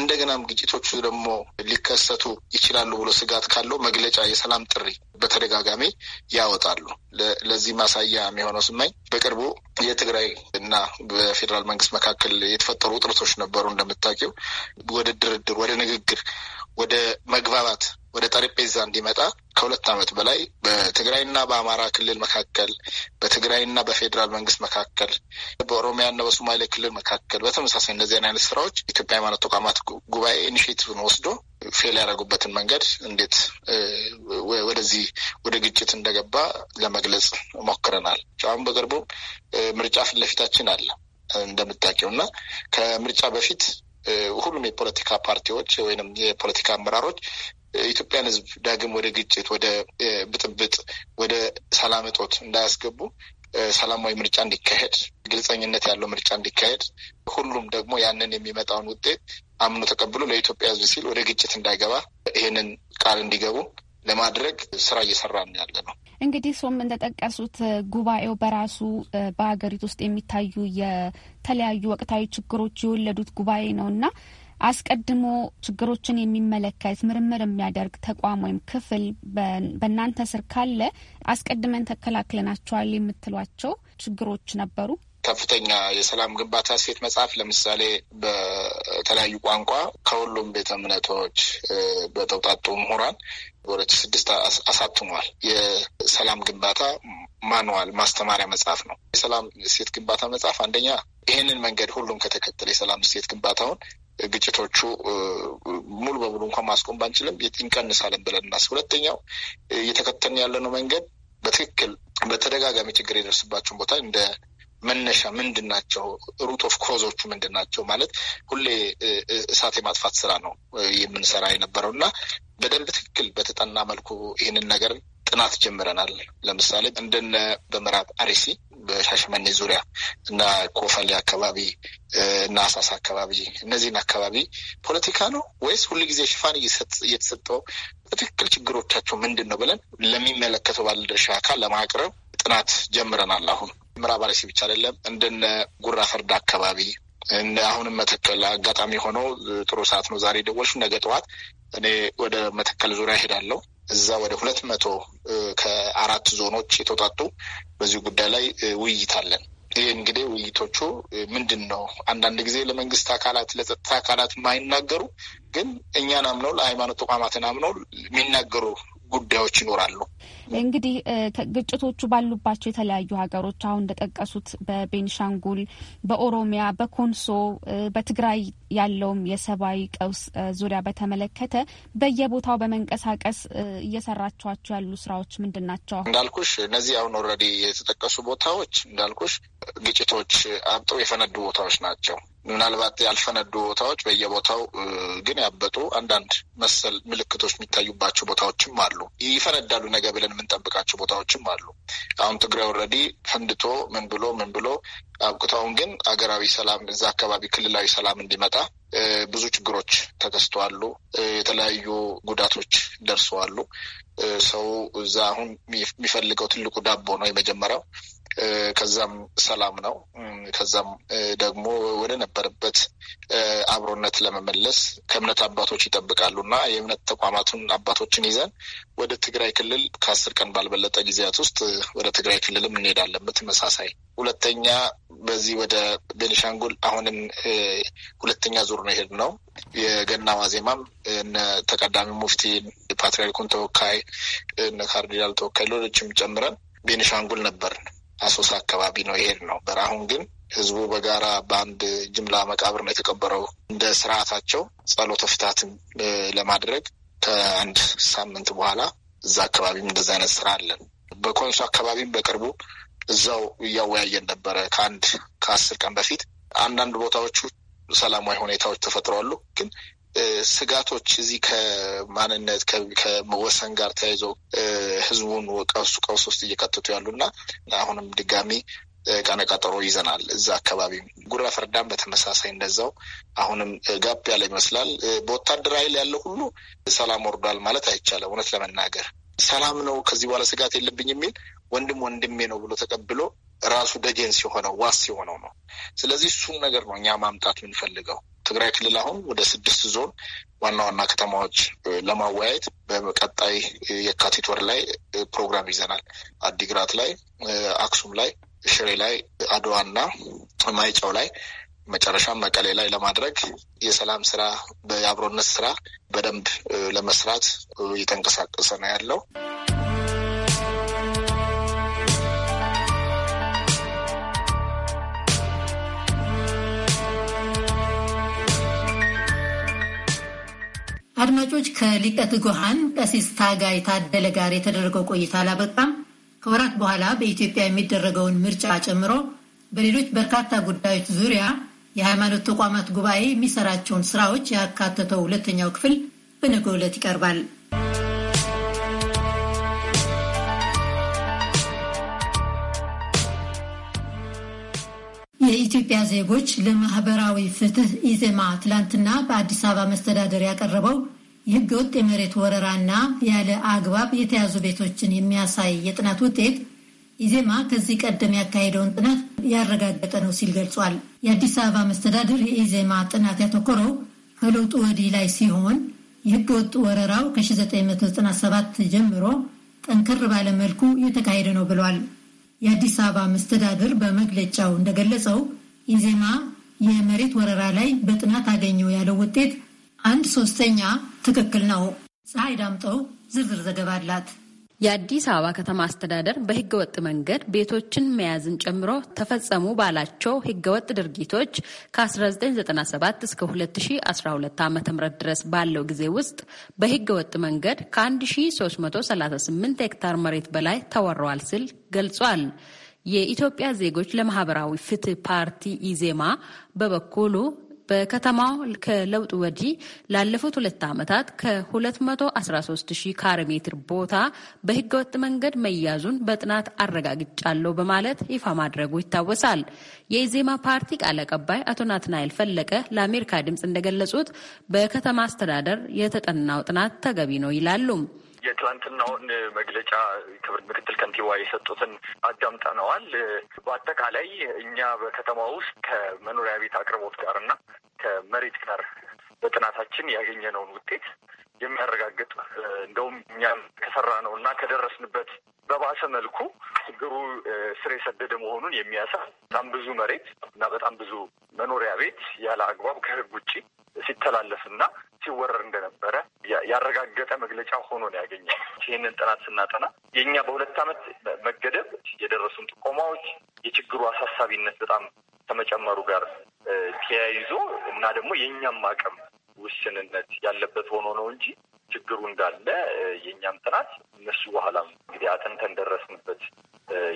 እንደገናም ግጭቶቹ ደግሞ ሊከሰቱ ይችላሉ ብሎ ስጋት ካለው መግለጫ፣ የሰላም ጥሪ በተደጋጋሚ ያወጣሉ። ለዚህ ማሳያ የሚሆነው ስማኝ በቅርቡ የትግራይ እና በፌዴራል መንግስት መካከል የተፈጠሩ ውጥረቶች ነበሩ። እንደምታውቂው ወደ ድርድር ወደ ንግግር ወደ መግባባት ወደ ጠረጴዛ እንዲመጣ ከሁለት ዓመት በላይ በትግራይና በአማራ ክልል መካከል፣ በትግራይና በፌዴራል መንግስት መካከል፣ በኦሮሚያና በሶማሌ ክልል መካከል በተመሳሳይ እነዚህ አይነት ስራዎች ኢትዮጵያ ሃይማኖት ተቋማት ጉባኤ ኢኒሽቲቭን ወስዶ ፌል ያደረጉበትን መንገድ እንዴት ወደዚህ ወደ ግጭት እንደገባ ለመግለጽ ሞክረናል። አሁን በቅርቡ ምርጫ ፊት ለፊታችን አለ እንደምታውቂው እና ከምርጫ በፊት ሁሉም የፖለቲካ ፓርቲዎች ወይም የፖለቲካ አመራሮች ኢትዮጵያን ሕዝብ ዳግም ወደ ግጭት፣ ወደ ብጥብጥ፣ ወደ ሰላም እጦት እንዳያስገቡ ሰላማዊ ምርጫ እንዲካሄድ ግልጸኝነት ያለው ምርጫ እንዲካሄድ ሁሉም ደግሞ ያንን የሚመጣውን ውጤት አምኖ ተቀብሎ ለኢትዮጵያ ሕዝብ ሲል ወደ ግጭት እንዳይገባ ይህንን ቃል እንዲገቡ ለማድረግ ስራ እየሰራን ያለ ነው። እንግዲህ ሶም እንደጠቀሱት ጉባኤው በራሱ በሀገሪቱ ውስጥ የሚታዩ የተለያዩ ወቅታዊ ችግሮች የወለዱት ጉባኤ ነው እና አስቀድሞ ችግሮችን የሚመለከት ምርምር የሚያደርግ ተቋም ወይም ክፍል በእናንተ ስር ካለ አስቀድመን ተከላክለናቸዋል የምትሏቸው ችግሮች ነበሩ? ከፍተኛ የሰላም ግንባታ ሴት መጽሐፍ ለምሳሌ በተለያዩ ቋንቋ ከሁሉም ቤተ እምነቶች በተውጣጡ ምሁራን ወረች ስድስት አሳትሟል። የሰላም ግንባታ ማንዋል ማስተማሪያ መጽሐፍ ነው። የሰላም እሴት ግንባታ መጽሐፍ አንደኛ ይህንን መንገድ ሁሉም ከተከተለ የሰላም እሴት ግንባታውን ግጭቶቹ ሙሉ በሙሉ እንኳን ማስቆም ባንችልም ይንቀንሳለን ብለን እናስብ። ሁለተኛው እየተከተልን ያለነው መንገድ በትክክል በተደጋጋሚ ችግር የደርስባቸውን ቦታ እንደ መነሻ ምንድን ናቸው? ሩት ኦፍ ኮዞቹ ምንድን ናቸው? ማለት ሁሌ እሳት የማጥፋት ስራ ነው የምንሰራ የነበረው እና በደንብ ትክክል በተጠና መልኩ ይህንን ነገር ጥናት ጀምረናል። ለምሳሌ እንደነ በምዕራብ አርሲ በሻሸመኔ ዙሪያ እና ኮፈሌ አካባቢ እና አሳሳ አካባቢ እነዚህን አካባቢ ፖለቲካ ነው ወይስ ሁሉ ጊዜ ሽፋን እየተሰጠው በትክክል ችግሮቻቸው ምንድን ነው ብለን ለሚመለከተው ባለድርሻ አካል ለማቅረብ ጥናት ጀምረናል። አሁን ምዕራብ አርሲ ብቻ አይደለም እንደነ ጉራ ፈርዳ አካባቢ አሁንም መተከል አጋጣሚ ሆነው ጥሩ ሰዓት ነው ዛሬ ደወልሽ ነገ ጠዋት እኔ ወደ መተከል ዙሪያ ሄዳለሁ። እዛ ወደ ሁለት መቶ ከአራት ዞኖች የተውጣጡ በዚሁ ጉዳይ ላይ ውይይት አለን። ይህ እንግዲህ ውይይቶቹ ምንድን ነው? አንዳንድ ጊዜ ለመንግስት አካላት ለጸጥታ አካላት የማይናገሩ ግን እኛን አምነው ለሃይማኖት ተቋማትን አምነው የሚናገሩ ጉዳዮች ይኖራሉ። እንግዲህ ግጭቶቹ ባሉባቸው የተለያዩ ሀገሮች አሁን እንደጠቀሱት በቤንሻንጉል በኦሮሚያ፣ በኮንሶ፣ በትግራይ ያለውም የሰብአዊ ቀውስ ዙሪያ በተመለከተ በየቦታው በመንቀሳቀስ እየሰራችኋቸው ያሉ ስራዎች ምንድን ናቸው? እንዳልኩሽ እነዚህ አሁን ኦልሬዲ የተጠቀሱ ቦታዎች እንዳልኩሽ ግጭቶች አብጠው የፈነዱ ቦታዎች ናቸው። ምናልባት ያልፈነዱ ቦታዎች በየቦታው ግን ያበጡ አንዳንድ መሰል ምልክቶች የሚታዩባቸው ቦታዎችም አሉ። ይፈነዳሉ ነገ ብለን የምንጠብቃቸው ቦታዎችም አሉ። አሁን ትግራይ ኦልሬዲ ፈንድቶ ምን ብሎ ምን ብሎ አብቅተውን ግን አገራዊ ሰላም እዛ አካባቢ ክልላዊ ሰላም እንዲመጣ ብዙ ችግሮች ተከስተዋሉ። የተለያዩ ጉዳቶች ደርሰዋሉ። ሰው እዛ አሁን የሚፈልገው ትልቁ ዳቦ ነው የመጀመሪያው። ከዛም ሰላም ነው። ከዛም ደግሞ ወደ ነበረበት አብሮነት ለመመለስ ከእምነት አባቶች ይጠብቃሉ እና የእምነት ተቋማቱን አባቶችን ይዘን ወደ ትግራይ ክልል ከአስር ቀን ባልበለጠ ጊዜያት ውስጥ ወደ ትግራይ ክልልም እንሄዳለን። በተመሳሳይ ሁለተኛ በዚህ ወደ ቤኒሻንጉል አሁንም ሁለተኛ ዙር ነው የሄድ ነው። የገና ዋዜማም እነ ተቀዳሚ ሙፍቲ ፓትሪያርኩን ተወካይ እነ ካርዲናል ተወካይ ሌሎችም ጨምረን ቤኒሻንጉል ነበር። አሶሳ አካባቢ ነው የሄድ ነው። አሁን ግን ህዝቡ በጋራ በአንድ ጅምላ መቃብር ነው የተቀበረው። እንደ ስርዓታቸው ጸሎተ ፍታትም ለማድረግ ከአንድ ሳምንት በኋላ እዛ አካባቢም እንደዚ አይነት ስራ አለን። በኮንሶ አካባቢም በቅርቡ እዛው እያወያየን ነበረ ከአንድ ከአስር ቀን በፊት። አንዳንድ ቦታዎቹ ሰላማዊ ሁኔታዎች ተፈጥረዋሉ ግን ስጋቶች እዚህ ከማንነት ከመወሰን ጋር ተያይዘው ህዝቡን ቀውሱ ቀውስ ውስጥ እየከተቱ ያሉና አሁንም ድጋሚ ቀነ ቀጠሮ ይዘናል። እዛ አካባቢ ጉራ ፈርዳም በተመሳሳይ እንደዛው አሁንም ጋብ ያለ ይመስላል። በወታደር ኃይል ያለው ሁሉ ሰላም ወርዷል ማለት አይቻልም። እውነት ለመናገር ሰላም ነው ከዚህ በኋላ ስጋት የለብኝ የሚል ወንድም ወንድሜ ነው ብሎ ተቀብሎ ራሱ ደጀንስ የሆነው ዋስ የሆነው ነው። ስለዚህ እሱም ነገር ነው እኛ ማምጣት የምንፈልገው። ትግራይ ክልል አሁን ወደ ስድስት ዞን ዋና ዋና ከተማዎች ለማወያየት በቀጣይ የካቲት ወር ላይ ፕሮግራም ይዘናል። አዲግራት ላይ፣ አክሱም ላይ፣ ሽሬ ላይ፣ አድዋና ማይጨው ላይ መጨረሻ መቀሌ ላይ ለማድረግ የሰላም ስራ በአብሮነት ስራ በደንብ ለመስራት እየተንቀሳቀሰ ነው ያለው። አድማጮች ከሊቀ ትጉሃን ቀሲስ ታጋይ ታደለ ጋር የተደረገው ቆይታ አላበቃም። ከወራት በኋላ በኢትዮጵያ የሚደረገውን ምርጫ ጨምሮ በሌሎች በርካታ ጉዳዮች ዙሪያ የሃይማኖት ተቋማት ጉባኤ የሚሰራቸውን ስራዎች ያካተተው ሁለተኛው ክፍል በነገው ዕለት ይቀርባል። የኢትዮጵያ ዜጎች ለማህበራዊ ፍትህ ኢዜማ ትላንትና በአዲስ አበባ መስተዳደር ያቀረበው ወጥ የመሬት ወረራና ያለ አግባብ የተያዙ ቤቶችን የሚያሳይ የጥናት ውጤት ኢዜማ ከዚህ ቀደም ያካሄደውን ጥናት ያረጋገጠ ነው ሲል ገልጿል። የአዲስ አበባ መስተዳደር የኢዜማ ጥናት ያተኮረው ከለውጡ ወዲህ ላይ ሲሆን የህገ ወጥ ወረራው ከ1997 ጀምሮ ጠንከር ባለ መልኩ እየተካሄደ ነው ብሏል። የአዲስ አበባ መስተዳድር በመግለጫው እንደገለጸው ኢዜማ የመሬት ወረራ ላይ በጥናት አገኘው ያለው ውጤት አንድ ሶስተኛ ትክክል ነው። ፀሐይ ዳምጠው ዝርዝር ዘገባ አላት። የአዲስ አበባ ከተማ አስተዳደር በህገወጥ መንገድ ቤቶችን መያዝን ጨምሮ ተፈጸሙ ባላቸው ህገወጥ ድርጊቶች ከ1997 እስከ 2012 ዓ ም ድረስ ባለው ጊዜ ውስጥ በህገወጥ መንገድ ከ1338 ሄክታር መሬት በላይ ተወረዋል ሲል ገልጿል። የኢትዮጵያ ዜጎች ለማህበራዊ ፍትህ ፓርቲ ኢዜማ በበኩሉ በከተማው ከለውጥ ወዲህ ላለፉት ሁለት ዓመታት ከ213 ሺህ ካሬ ሜትር ቦታ በህገወጥ መንገድ መያዙን በጥናት አረጋግጫለሁ በማለት ይፋ ማድረጉ ይታወሳል። የኢዜማ ፓርቲ ቃል አቀባይ አቶ ናትናኤል ፈለቀ ለአሜሪካ ድምፅ እንደገለጹት በከተማ አስተዳደር የተጠናው ጥናት ተገቢ ነው ይላሉ። የትላንትናውን መግለጫ ክብር ምክትል ከንቲባ የሰጡትን አዳምጠነዋል። በአጠቃላይ እኛ በከተማ ውስጥ ከመኖሪያ ቤት አቅርቦት ጋር እና ከመሬት ጋር በጥናታችን ያገኘነውን ውጤት የሚያረጋግጥ እንደውም እኛም ከሰራ ነው እና ከደረስንበት በባሰ መልኩ ችግሩ ስር የሰደደ መሆኑን የሚያሳ በጣም ብዙ መሬት እና በጣም ብዙ መኖሪያ ቤት ያለ አግባብ ከህግ ውጭ ሲተላለፍ እና ሲወረር እንደነበረ ያረጋገጠ መግለጫ ሆኖ ነው ያገኘው። ይህንን ጥናት ስናጠና የእኛ በሁለት ዓመት መገደብ የደረሱን ጥቆማዎች የችግሩ አሳሳቢነት በጣም ከመጨመሩ ጋር ተያይዞ እና ደግሞ የእኛም አቅም ውስንነት ያለበት ሆኖ ነው እንጂ ችግሩ እንዳለ የእኛም ጥናት እነሱ በኋላም እንግዲህ አጥንተን ደረስንበት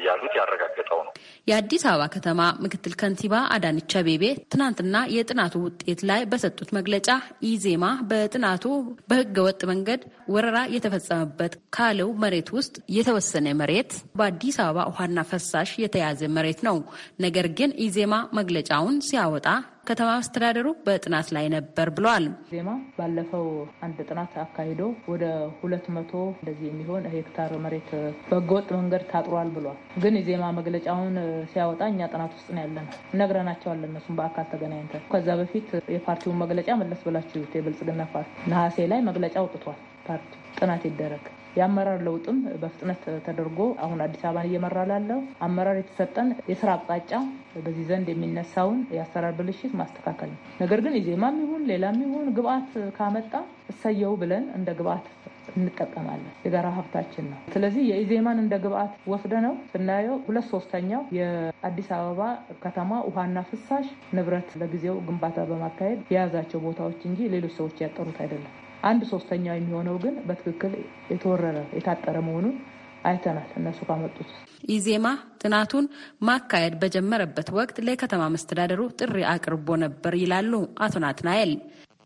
ያሉት ያረጋገጠው ነው። የአዲስ አበባ ከተማ ምክትል ከንቲባ አዳነች አቤቤ ትናንትና የጥናቱ ውጤት ላይ በሰጡት መግለጫ ኢዜማ በጥናቱ በህገ ወጥ መንገድ ወረራ የተፈጸመበት ካለው መሬት ውስጥ የተወሰነ መሬት በአዲስ አበባ ውሃና ፈሳሽ የተያዘ መሬት ነው። ነገር ግን ኢዜማ መግለጫውን ሲያወጣ ከተማ አስተዳደሩ በጥናት ላይ ነበር ብለዋል። ዜማ ባለፈው አንድ ጥናት አካሂዶ ወደ ሁለት መቶ እንደዚህ የሚሆን ሄክታር መሬት በህገወጥ መንገድ ታጥሯል ብሏል። ግን የዜማ መግለጫውን ሲያወጣ እኛ ጥናት ውስጥ ነው ያለነው ነግረናቸዋለን። እነሱም በአካል ተገናኝተን ከዛ በፊት የፓርቲውን መግለጫ መለስ ብላችሁ የብልጽግና ፓርቲ ነሐሴ ላይ መግለጫ አውጥቷል። ፓርቲ ጥናት ይደረግ የአመራር ለውጥም በፍጥነት ተደርጎ አሁን አዲስ አበባን እየመራ ላለው አመራር የተሰጠን የስራ አቅጣጫ በዚህ ዘንድ የሚነሳውን የአሰራር ብልሽት ማስተካከል ነው። ነገር ግን ኢዜማም ይሁን ሌላም ይሁን ግብአት ካመጣ እሰየው ብለን እንደ ግብአት እንጠቀማለን። የጋራ ሀብታችን ነው። ስለዚህ የኢዜማን እንደ ግብአት ወስደ ነው ስናየው ሁለት ሶስተኛው የአዲስ አበባ ከተማ ውሃና ፍሳሽ ንብረት ለጊዜው ግንባታ በማካሄድ የያዛቸው ቦታዎች እንጂ ሌሎች ሰዎች ያጠሩት አይደለም። አንድ ሶስተኛ የሚሆነው ግን በትክክል የተወረረ የታጠረ መሆኑን አይተናል። እነሱ ካመጡት ኢዜማ ጥናቱን ማካሄድ በጀመረበት ወቅት ለከተማ መስተዳደሩ ጥሪ አቅርቦ ነበር ይላሉ አቶ ናትናኤል።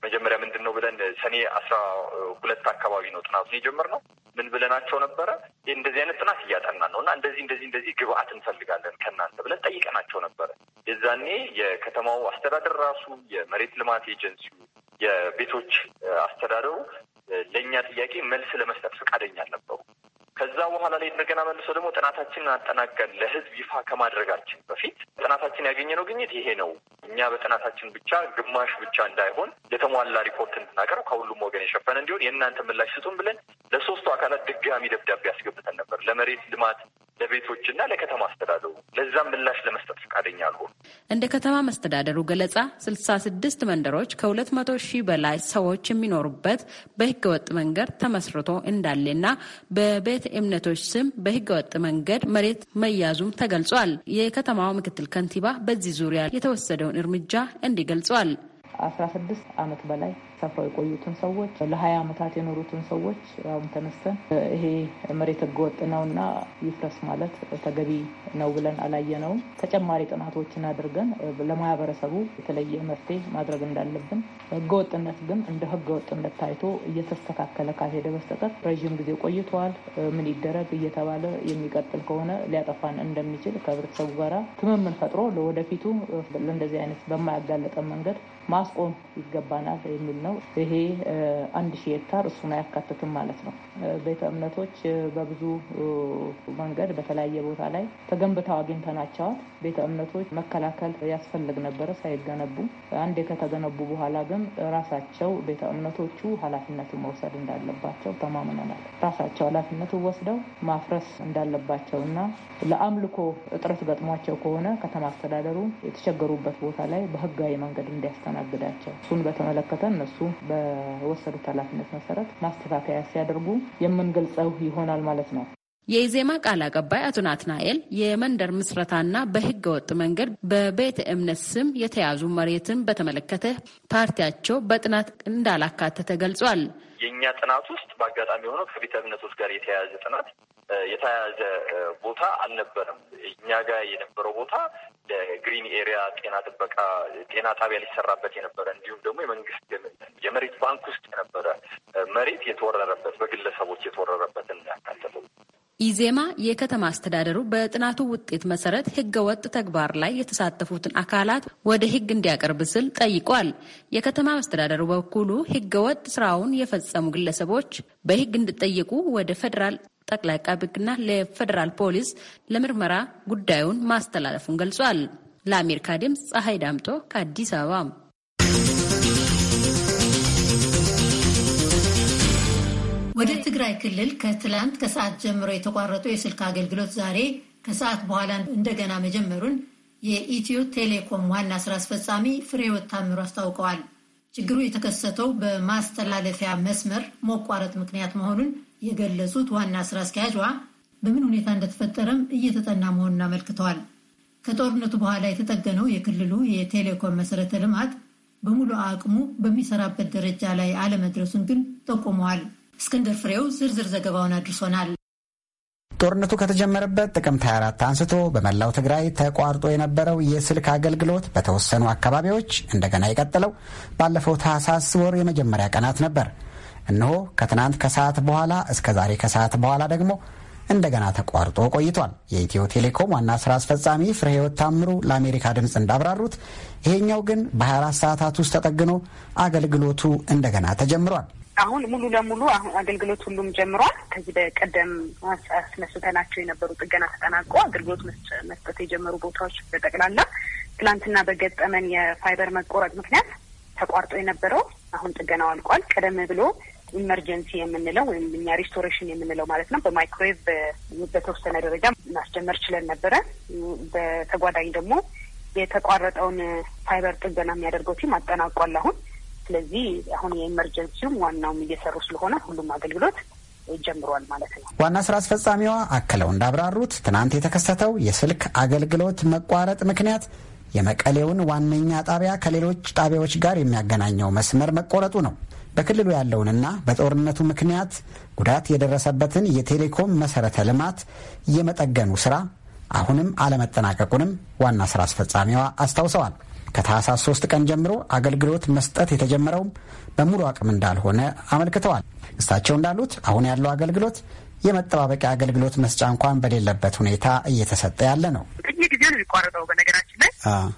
መጀመሪያ ምንድን ነው ብለን ሰኔ አስራ ሁለት አካባቢ ነው ጥናቱን የጀመርነው። ምን ብለናቸው ነበረ? እንደዚህ አይነት ጥናት እያጠና ነው እና እንደዚህ እንደዚህ እንደዚህ ግብአት እንፈልጋለን ከእናንተ ብለን ጠይቀናቸው ነበረ። የዛኔ የከተማው አስተዳደር ራሱ የመሬት ልማት ኤጀንሲው የቤቶች አስተዳደሩ ለእኛ ጥያቄ መልስ ለመስጠት ፈቃደኛ አልነበሩ። ከዛ በኋላ ላይ እንደገና መልሶ ደግሞ ጥናታችንን አጠናቀን ለህዝብ ይፋ ከማድረጋችን በፊት ጥናታችን ያገኘነው ግኝት ይሄ ነው፣ እኛ በጥናታችን ብቻ ግማሽ ብቻ እንዳይሆን የተሟላ ሪፖርት እንድናቀርብ ከሁሉም ወገን የሸፈነ እንዲሆን የእናንተ ምላሽ ስጡን ብለን ለሶስቱ አካላት ድጋሚ ደብዳቤ አስገብተን ነበር። ለመሬት ልማት ለቤቶችና ለከተማ አስተዳደሩ ለዛም ምላሽ ለመስጠት ፈቃደኛ አልሆኑ። እንደ ከተማ መስተዳደሩ ገለጻ ስልሳ ስድስት መንደሮች ከሁለት መቶ ሺህ በላይ ሰዎች የሚኖሩበት በህገወጥ መንገድ ተመስርቶ እንዳለና በቤተ እምነቶች ስም በህገወጥ መንገድ መሬት መያዙም ተገልጿል። የከተማው ምክትል ከንቲባ በዚህ ዙሪያ የተወሰደውን እርምጃ እንዲህ ገልጿል። አስራ ስድስት አመት በላይ ሰፍረው የቆዩትን ሰዎች ለሀያ ዓመታት የኖሩትን ሰዎች አሁን ተነስተን ይሄ መሬት ህገወጥ ነው እና ይፍረስ ማለት ተገቢ ነው ብለን አላየነውም። ተጨማሪ ጥናቶችን አድርገን ለማህበረሰቡ የተለየ መፍትሄ ማድረግ እንዳለብን፣ ህገወጥነት ግን እንደ ህገወጥነት ታይቶ እየተስተካከለ ካልሄደ በስተቀር ረዥም ጊዜ ቆይተዋል፣ ምን ይደረግ እየተባለ የሚቀጥል ከሆነ ሊያጠፋን እንደሚችል ከህብረተሰቡ ጋራ ትምምን ፈጥሮ ለወደፊቱ ለእንደዚህ አይነት በማያጋለጠ መንገድ ማስቆም ይገባናል የሚል ነው። ይሄ አንድ ሺህ ሄክታር እሱን አያካትትም ማለት ነው። ቤተ እምነቶች በብዙ መንገድ በተለያየ ቦታ ላይ ተገንብተው አግኝተናቸዋል። ቤተ እምነቶች መከላከል ያስፈልግ ነበረ ሳይገነቡ። አንዴ ከተገነቡ በኋላ ግን ራሳቸው ቤተ እምነቶቹ ኃላፊነቱን መውሰድ እንዳለባቸው ተማምነናል። ራሳቸው ኃላፊነቱ ወስደው ማፍረስ እንዳለባቸው እና ለአምልኮ እጥረት ገጥሟቸው ከሆነ ከተማ አስተዳደሩ የተቸገሩበት ቦታ ላይ በህጋዊ መንገድ እንዲያስተ የምናስተናግዳቸው። እሱን በተመለከተ እነሱ በወሰዱት ኃላፊነት መሰረት ማስተካከያ ሲያደርጉ የምንገልጸው ይሆናል ማለት ነው። የኢዜማ ቃል አቀባይ አቶ ናትናኤል የመንደር ምስረታና በህገ ወጥ መንገድ በቤተ እምነት ስም የተያዙ መሬትን በተመለከተ ፓርቲያቸው በጥናት እንዳላካተተ ገልጿል። የእኛ ጥናት ውስጥ በአጋጣሚ የሆነው ከቤተ እምነቶች ጋር የተያያዘ ጥናት የተያያዘ ቦታ አልነበረም። እኛ ጋር የነበረው ቦታ ለግሪን ኤሪያ ጤና ጥበቃ ጤና ጣቢያ ሊሰራበት የነበረ እንዲሁም ደግሞ የመንግስት የመሬት ባንክ ውስጥ የነበረ መሬት የተወረረበት በግለሰቦች የተወረረበትን ያካተተው ኢዜማ የከተማ አስተዳደሩ በጥናቱ ውጤት መሰረት ህገ ወጥ ተግባር ላይ የተሳተፉትን አካላት ወደ ህግ እንዲያቀርብ ስል ጠይቋል። የከተማ አስተዳደሩ በኩሉ ህገ ወጥ ስራውን የፈጸሙ ግለሰቦች በህግ እንዲጠየቁ ወደ ፌዴራል ጠቅላይ አቃቤ ሕግና ለፌዴራል ፖሊስ ለምርመራ ጉዳዩን ማስተላለፉን ገልጿል። ለአሜሪካ ድምፅ ፀሐይ ዳምጦ ከአዲስ አበባ። ወደ ትግራይ ክልል ከትላንት ከሰዓት ጀምሮ የተቋረጠው የስልክ አገልግሎት ዛሬ ከሰዓት በኋላ እንደገና መጀመሩን የኢትዮ ቴሌኮም ዋና ስራ አስፈጻሚ ፍሬሕይወት ታምሩ አስታውቀዋል። ችግሩ የተከሰተው በማስተላለፊያ መስመር መቋረጥ ምክንያት መሆኑን የገለጹት ዋና ስራ አስኪያጇ በምን ሁኔታ እንደተፈጠረም እየተጠና መሆኑን አመልክተዋል። ከጦርነቱ በኋላ የተጠገነው የክልሉ የቴሌኮም መሰረተ ልማት በሙሉ አቅሙ በሚሰራበት ደረጃ ላይ አለመድረሱን ግን ጠቁመዋል። እስክንድር ፍሬው ዝርዝር ዘገባውን አድርሶናል። ጦርነቱ ከተጀመረበት ጥቅምት 24 አንስቶ በመላው ትግራይ ተቋርጦ የነበረው የስልክ አገልግሎት በተወሰኑ አካባቢዎች እንደገና የቀጠለው ባለፈው ታህሳስ ወር የመጀመሪያ ቀናት ነበር። እነሆ ከትናንት ከሰዓት በኋላ እስከ ዛሬ ከሰዓት በኋላ ደግሞ እንደገና ተቋርጦ ቆይቷል። የኢትዮ ቴሌኮም ዋና ስራ አስፈጻሚ ፍሬህይወት ታምሩ ለአሜሪካ ድምፅ እንዳብራሩት ይሄኛው ግን በ24 ሰዓታት ውስጥ ተጠግኖ አገልግሎቱ እንደገና ተጀምሯል። አሁን ሙሉ ለሙሉ አሁን አገልግሎት ሁሉም ጀምሯል። ከዚህ በቀደም አስነስተናቸው የነበሩ ጥገና ተጠናቆ አገልግሎት መስጠት የጀመሩ ቦታዎች በጠቅላላ ትላንትና በገጠመን የፋይበር መቆረጥ ምክንያት ተቋርጦ የነበረው አሁን ጥገናው አልቋል። ቀደም ብሎ ኢመርጀንሲ የምንለው ወይም እኛ ሪስቶሬሽን የምንለው ማለት ነው። በማይክሮዌቭ በተወሰነ ደረጃ ማስጀመር ችለን ነበረ። በተጓዳኝ ደግሞ የተቋረጠውን ፋይበር ጥገና የሚያደርገው ቲም አጠናቋል አሁን። ስለዚህ አሁን የኢመርጀንሲውም ዋናውም እየሰሩ ስለሆነ ሁሉም አገልግሎት ጀምሯል ማለት ነው። ዋና ስራ አስፈጻሚዋ አክለው እንዳብራሩት ትናንት የተከሰተው የስልክ አገልግሎት መቋረጥ ምክንያት የመቀሌውን ዋነኛ ጣቢያ ከሌሎች ጣቢያዎች ጋር የሚያገናኘው መስመር መቆረጡ ነው። በክልሉ ያለውንና በጦርነቱ ምክንያት ጉዳት የደረሰበትን የቴሌኮም መሰረተ ልማት የመጠገኑ ስራ አሁንም አለመጠናቀቁንም ዋና ስራ አስፈጻሚዋ አስታውሰዋል። ከታህሳስ ሶስት ቀን ጀምሮ አገልግሎት መስጠት የተጀመረውም በሙሉ አቅም እንዳልሆነ አመልክተዋል። እሳቸው እንዳሉት አሁን ያለው አገልግሎት የመጠባበቂያ አገልግሎት መስጫ እንኳን በሌለበት ሁኔታ እየተሰጠ ያለ ነው። ጊዜ ነው የሚቋረጠው። በነገራችን ላይ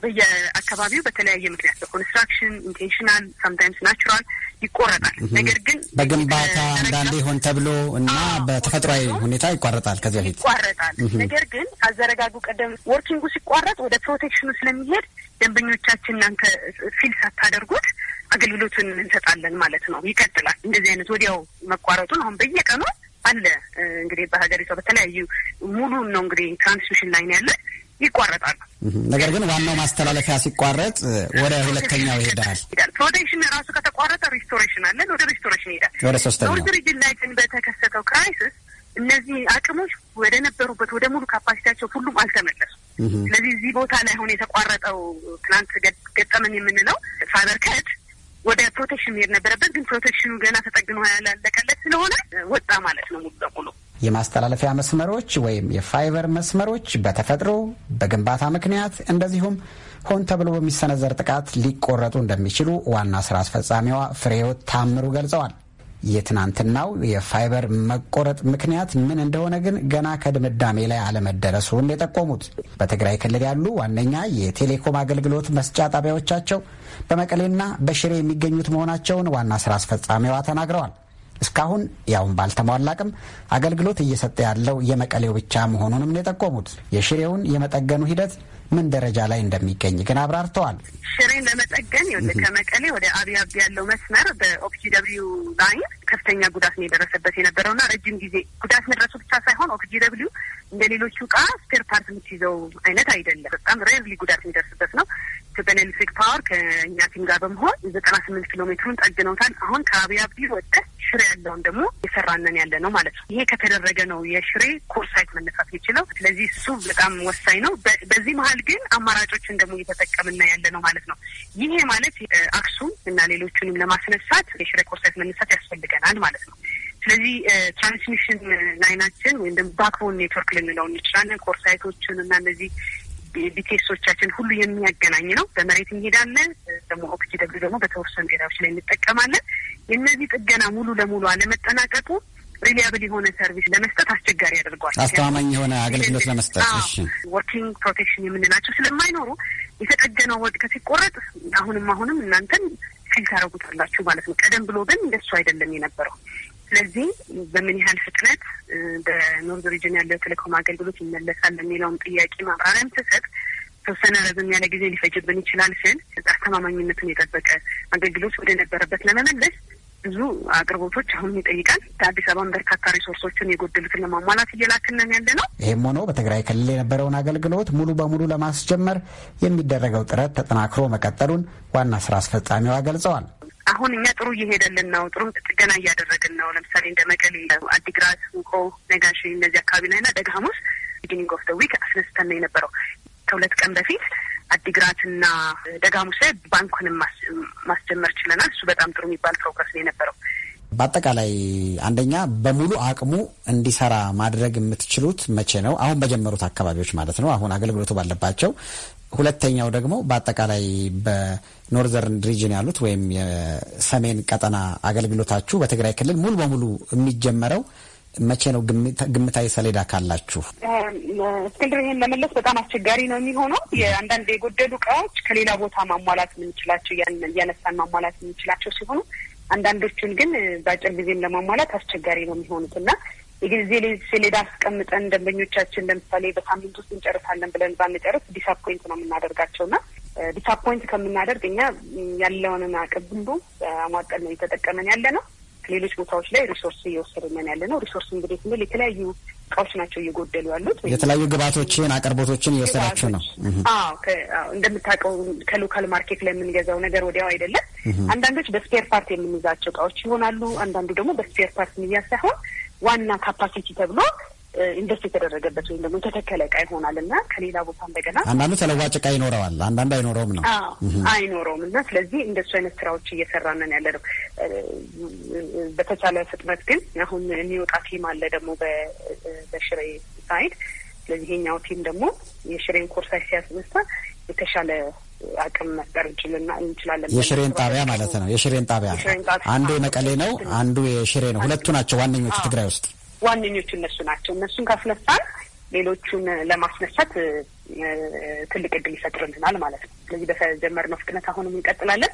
በየአካባቢው በተለያየ ምክንያት በኮንስትራክሽን ኢንቴንሽናል፣ ሳምታይምስ ናቹራል ይቆረጣል። ነገር ግን በግንባታ አንዳንዴ ሆን ተብሎ እና በተፈጥሯዊ ሁኔታ ይቋረጣል። ከዚህ በፊት ይቋረጣል። ነገር ግን አዘረጋጉ ቀደም ወርኪንጉ ሲቋረጥ ወደ ፕሮቴክሽኑ ስለሚሄድ ደንበኞቻችን እናንተ ፊል ሳታደርጉት አገልግሎቱን እንሰጣለን ማለት ነው። ይቀጥላል። እንደዚህ አይነት ወዲያው መቋረጡን አሁን በየቀኑ አለ እንግዲህ በሀገሪቷ በተለያዩ ሙሉን ነው እንግዲህ ትራንስሚሽን ላይን ያለ ይቋረጣሉ። ነገር ግን ዋናው ማስተላለፊያ ሲቋረጥ ወደ ሁለተኛው ይሄዳል። ፕሮቴክሽን ራሱ ከተቋረጠ ሪስቶሬሽን አለን፣ ወደ ሪስቶሬሽን ይሄዳል። ወደ ሶስተኛው ሪጅን ላይ ግን በተከሰተው ክራይሲስ እነዚህ አቅሞች ወደ ነበሩበት ወደ ሙሉ ካፓሲቲያቸው ሁሉም አልተመለሱ። ስለዚህ እዚህ ቦታ ላይ አሁን የተቋረጠው ትናንት ገጠመን የምንለው ፋይበር ከት ወደ ፕሮቴክሽን መሄድ ነበረበት፣ ግን ፕሮቴክሽኑ ገና ተጠግኖ ያላለቀለት ስለሆነ ወጣ ማለት ነው ሙሉ የማስተላለፊያ መስመሮች ወይም የፋይበር መስመሮች በተፈጥሮ በግንባታ ምክንያት እንደዚሁም ሆን ተብሎ በሚሰነዘር ጥቃት ሊቆረጡ እንደሚችሉ ዋና ስራ አስፈጻሚዋ ፍሬህይወት ታምሩ ገልጸዋል። የትናንትናው የፋይበር መቆረጥ ምክንያት ምን እንደሆነ ግን ገና ከድምዳሜ ላይ አለመደረሱን የጠቆሙት በትግራይ ክልል ያሉ ዋነኛ የቴሌኮም አገልግሎት መስጫ ጣቢያዎቻቸው በመቀሌና በሽሬ የሚገኙት መሆናቸውን ዋና ስራ አስፈጻሚዋ ተናግረዋል። እስካሁን ያውም ባልተሟላ አቅም አገልግሎት እየሰጠ ያለው የመቀሌው ብቻ መሆኑንም ነው የጠቆሙት። የሽሬውን የመጠገኑ ሂደት ምን ደረጃ ላይ እንደሚገኝ ግን አብራርተዋል። ሽሬን ለመጠገን ከመቀሌ ወደ አቢ ያለው መስመር በኦፒጂ ደብልዩ ላይን ከፍተኛ ጉዳት ነው የደረሰበት የነበረውና ረጅም ጊዜ ጉዳት መድረሱ ብቻ ሳይሆን ኦፒጂ ደብልዩ እንደ ሌሎቹ እቃ ስፔር ፓርት የምትይዘው አይነት አይደለም። በጣም ሬርሊ ጉዳት የሚደርስበት ነው። ኢትዮጵያን ኤሌክትሪክ ፓወር ከእኛ ቲም ጋር በመሆን ዘጠና ስምንት ኪሎ ሜትሩን ጠግነውታል። አሁን ከአቢ ወደ ሽሬ ያለውን ደግሞ የሰራነን ያለ ነው ማለት ነው። ይሄ ከተደረገ ነው የሽሬ ኮር ሳይት መነሳት የችለው። ስለዚህ እሱ በጣም ወሳኝ ነው። በዚህ መሀል ግን አማራጮችን ደግሞ እየተጠቀምና ያለ ነው ማለት ነው። ይሄ ማለት አክሱም እና ሌሎቹንም ለማስነሳት የሽሬ ኮር ሳይት መነሳት ያስፈልገናል ማለት ነው። ስለዚህ ትራንስሚሽን ላይናችን ወይም ደግሞ ባክቦን ኔትወርክ ልንለው እንችላለን። ኮርሳይቶችን እና እነዚህ ቢቴሶቻችን ሁሉ የሚያገናኝ ነው። በመሬት እንሄዳለን። ደግሞ ኦክጂ ደግሞ በተወሰኑ ኤሪያዎች ላይ እንጠቀማለን። የእነዚህ ጥገና ሙሉ ለሙሉ አለመጠናቀቁ ሪሊያብል የሆነ ሰርቪስ ለመስጠት አስቸጋሪ ያደርገዋል። አስተማማኝ የሆነ አገልግሎት ለመስጠት ወርኪንግ ፕሮቴክሽን የምንላቸው ስለማይኖሩ የተጠገነው ወጥ ሲቆረጥ አሁንም አሁንም እናንተን ፊል ታደረጉታላችሁ ማለት ነው። ቀደም ብሎ ግን እንደሱ አይደለም የነበረው። ስለዚህ በምን ያህል ፍጥነት በኖርዝ ሪጅን ያለው ቴሌኮም አገልግሎት ይመለሳል የሚለውን ጥያቄ ማብራሪያም ስሰጥ ተወሰነ ረዘም ያለ ጊዜ ሊፈጅብን ይችላል ስል አስተማማኝነቱን የጠበቀ አገልግሎት ወደ ነበረበት ለመመለስ ብዙ አቅርቦቶች አሁን ይጠይቃል። አዲስ አበባን በርካታ ሪሶርሶችን የጎደሉትን ለማሟላት እየላክነን ያለ ነው። ይህም ሆኖ በትግራይ ክልል የነበረውን አገልግሎት ሙሉ በሙሉ ለማስጀመር የሚደረገው ጥረት ተጠናክሮ መቀጠሉን ዋና ስራ አስፈጻሚዋ ገልጸዋል። አሁን እኛ ጥሩ እየሄደልን ነው። ጥሩ ጥገና እያደረግን ነው። ለምሳሌ እንደ መቀሌ፣ አዲግራት፣ ውቆ፣ ነጋሽ እነዚህ አካባቢ ላይ ና ሐሙስ ቢጊኒንግ ኦፍ ዊክ አስነስተን ነው የነበረው ከሁለት ቀን በፊት አዲግራትና ደጋሙስ ላይ ባንኩንም ማስጀመር ችለናል። እሱ በጣም ጥሩ የሚባል ፕሮግረስ ነው የነበረው። በአጠቃላይ አንደኛ በሙሉ አቅሙ እንዲሰራ ማድረግ የምትችሉት መቼ ነው? አሁን በጀመሩት አካባቢዎች ማለት ነው፣ አሁን አገልግሎቱ ባለባቸው። ሁለተኛው ደግሞ በአጠቃላይ በኖርዘርን ሪጅን ያሉት ወይም የሰሜን ቀጠና አገልግሎታችሁ በትግራይ ክልል ሙሉ በሙሉ የሚጀመረው መቼ ነው ግምታዊ ሰሌዳ ካላችሁ? እስክንድር፣ ይህን ለመለስ በጣም አስቸጋሪ ነው የሚሆነው። የአንዳንድ የጎደሉ እቃዎች ከሌላ ቦታ ማሟላት የምንችላቸው እያነሳን ማሟላት የምንችላቸው ሲሆኑ አንዳንዶቹን ግን በአጭር ጊዜም ለማሟላት አስቸጋሪ ነው የሚሆኑት እና የጊዜ ሰሌዳ አስቀምጠን ደንበኞቻችን ለምሳሌ በሳምንት ውስጥ እንጨርሳለን ብለን ባንጨርስ ዲስአፖይንት ነው የምናደርጋቸው እና ዲስአፖይንት ከምናደርግ እኛ ያለውንን አቅም ሁሉ አሟጠን ነው እየተጠቀመን ያለ ነው። ከሌሎች ቦታዎች ላይ ሪሶርስ እየወሰድነን ያለ ነው። ሪሶርስ እንግዲህ ስንል የተለያዩ እቃዎች ናቸው እየጎደሉ ያሉት። የተለያዩ ግብዓቶችን፣ አቅርቦቶችን እየወሰዳችሁ ነው? እንደምታውቀው ከሎካል ማርኬት ላይ የምንገዛው ነገር ወዲያው አይደለም። አንዳንዶች በስፔር ፓርት የምንይዛቸው እቃዎች ይሆናሉ። አንዳንዱ ደግሞ በስፔር ፓርት ምያ ሳይሆን ዋና ካፓሲቲ ተብሎ ኢንቨስት የተደረገበት ወይም ደግሞ የተተከለ እቃ ይሆናል እና ከሌላ ቦታ እንደገና አንዳንዱ ተለዋጭ እቃ ይኖረዋል፣ አንዳንዱ አይኖረውም ነው አይኖረውም እና ስለዚህ እንደሱ አይነት ስራዎች እየሰራን ነን ያለ ነው። በተቻለ ፍጥነት ግን አሁን የሚወጣ ቲም አለ ደግሞ በሽሬ ሳይድ። ስለዚህ ይሄኛው ቲም ደግሞ የሽሬን ኮርሳ ሲያስነሳ የተሻለ አቅም መፍጠር እንችላለን። የሽሬን ጣቢያ ማለት ነው። የሽሬን ጣቢያ አንዱ የመቀሌ ነው፣ አንዱ የሽሬ ነው። ሁለቱ ናቸው ዋነኞቹ ትግራይ ውስጥ ዋነኞቹ እነሱ ናቸው። እነሱን ካስነሳን ሌሎቹን ለማስነሳት ትልቅ እድል ይፈጥርልናል ማለት ነው። ስለዚህ በተጀመርነው ፍጥነት አሁንም እንቀጥላለን።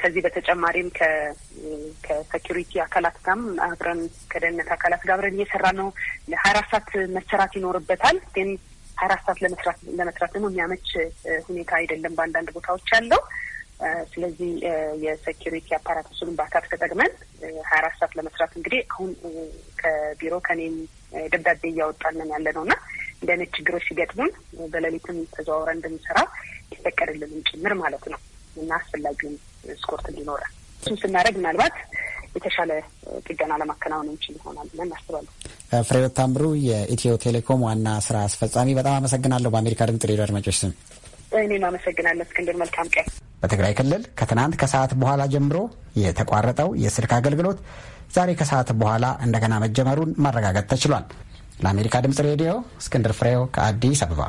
ከዚህ በተጨማሪም ከሴኪሪቲ አካላት ጋርም አብረን ከደህንነት አካላት ጋር አብረን እየሰራ ነው። ሀያ አራት ሰዓት መሰራት ይኖርበታል ግን ሀያ አራት ሰዓት ለመስራት ለመስራት ደግሞ የሚያመች ሁኔታ አይደለም በአንዳንድ ቦታዎች ያለው ስለዚህ የሴኪሪቲ አፓራቶሱንም በአካት ተጠቅመን ሀያ አራት ሰዓት ለመስራት እንግዲህ አሁን ከቢሮ ከኔም ደብዳቤ እያወጣልን ያለ ነው እና እንደ አይነት ችግሮች ሲገጥሙን በሌሊትም ተዘዋውረ እንድንሰራ ይፈቀድልንም ጭምር ማለት ነው እና አስፈላጊውን ስኮርት እንዲኖረ እሱን ስናደርግ ምናልባት የተሻለ ጥገና ለማከናወን እንችል ይሆናል ብለን እናስባለን። ፍሬወት ታምሩ የኢትዮ ቴሌኮም ዋና ስራ አስፈጻሚ፣ በጣም አመሰግናለሁ። በአሜሪካ ድምጽ ሬዲዮ አድማጮች ስም እኔም አመሰግናለሁ እስክንድር። መልካም ቀን። በትግራይ ክልል ከትናንት ከሰዓት በኋላ ጀምሮ የተቋረጠው የስልክ አገልግሎት ዛሬ ከሰዓት በኋላ እንደገና መጀመሩን ማረጋገጥ ተችሏል። ለአሜሪካ ድምጽ ሬዲዮ እስክንድር ፍሬው ከአዲስ አበባ።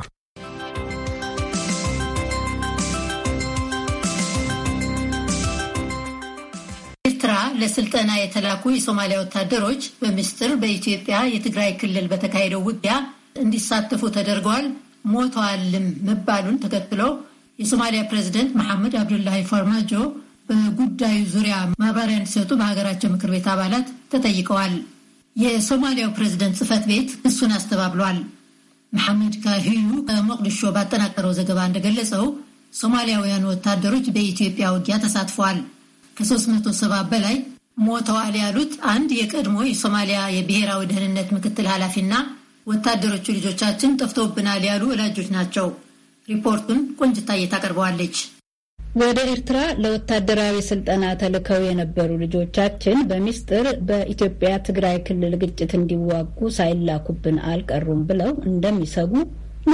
ኤርትራ ለስልጠና የተላኩ የሶማሊያ ወታደሮች በምስጢር በኢትዮጵያ የትግራይ ክልል በተካሄደው ውጊያ እንዲሳተፉ ተደርገዋል። ሞተዋልም መባሉን ተከትሎ የሶማሊያ ፕሬዚደንት መሐመድ አብዱላሂ ፈርማጆ በጉዳዩ ዙሪያ ማብራሪያ እንዲሰጡ በሀገራቸው ምክር ቤት አባላት ተጠይቀዋል። የሶማሊያው ፕሬዚደንት ጽህፈት ቤት ክሱን አስተባብሏል። መሐመድ ካሂዩ ከሞቅዲሾ ባጠናቀረው ዘገባ እንደገለጸው ሶማሊያውያን ወታደሮች በኢትዮጵያ ውጊያ ተሳትፈዋል። ሰባ በላይ ሞተዋል ያሉት አንድ የቀድሞ የሶማሊያ የብሔራዊ ደህንነት ምክትል ኃላፊና ወታደሮቹ ልጆቻችን ጠፍተውብናል ያሉ ወላጆች ናቸው። ሪፖርቱን ቆንጅታዬ ታቀርበዋለች። ወደ ኤርትራ ለወታደራዊ ስልጠና ተልከው የነበሩ ልጆቻችን በሚስጥር በኢትዮጵያ ትግራይ ክልል ግጭት እንዲዋጉ ሳይላኩብን አልቀሩም ብለው እንደሚሰጉ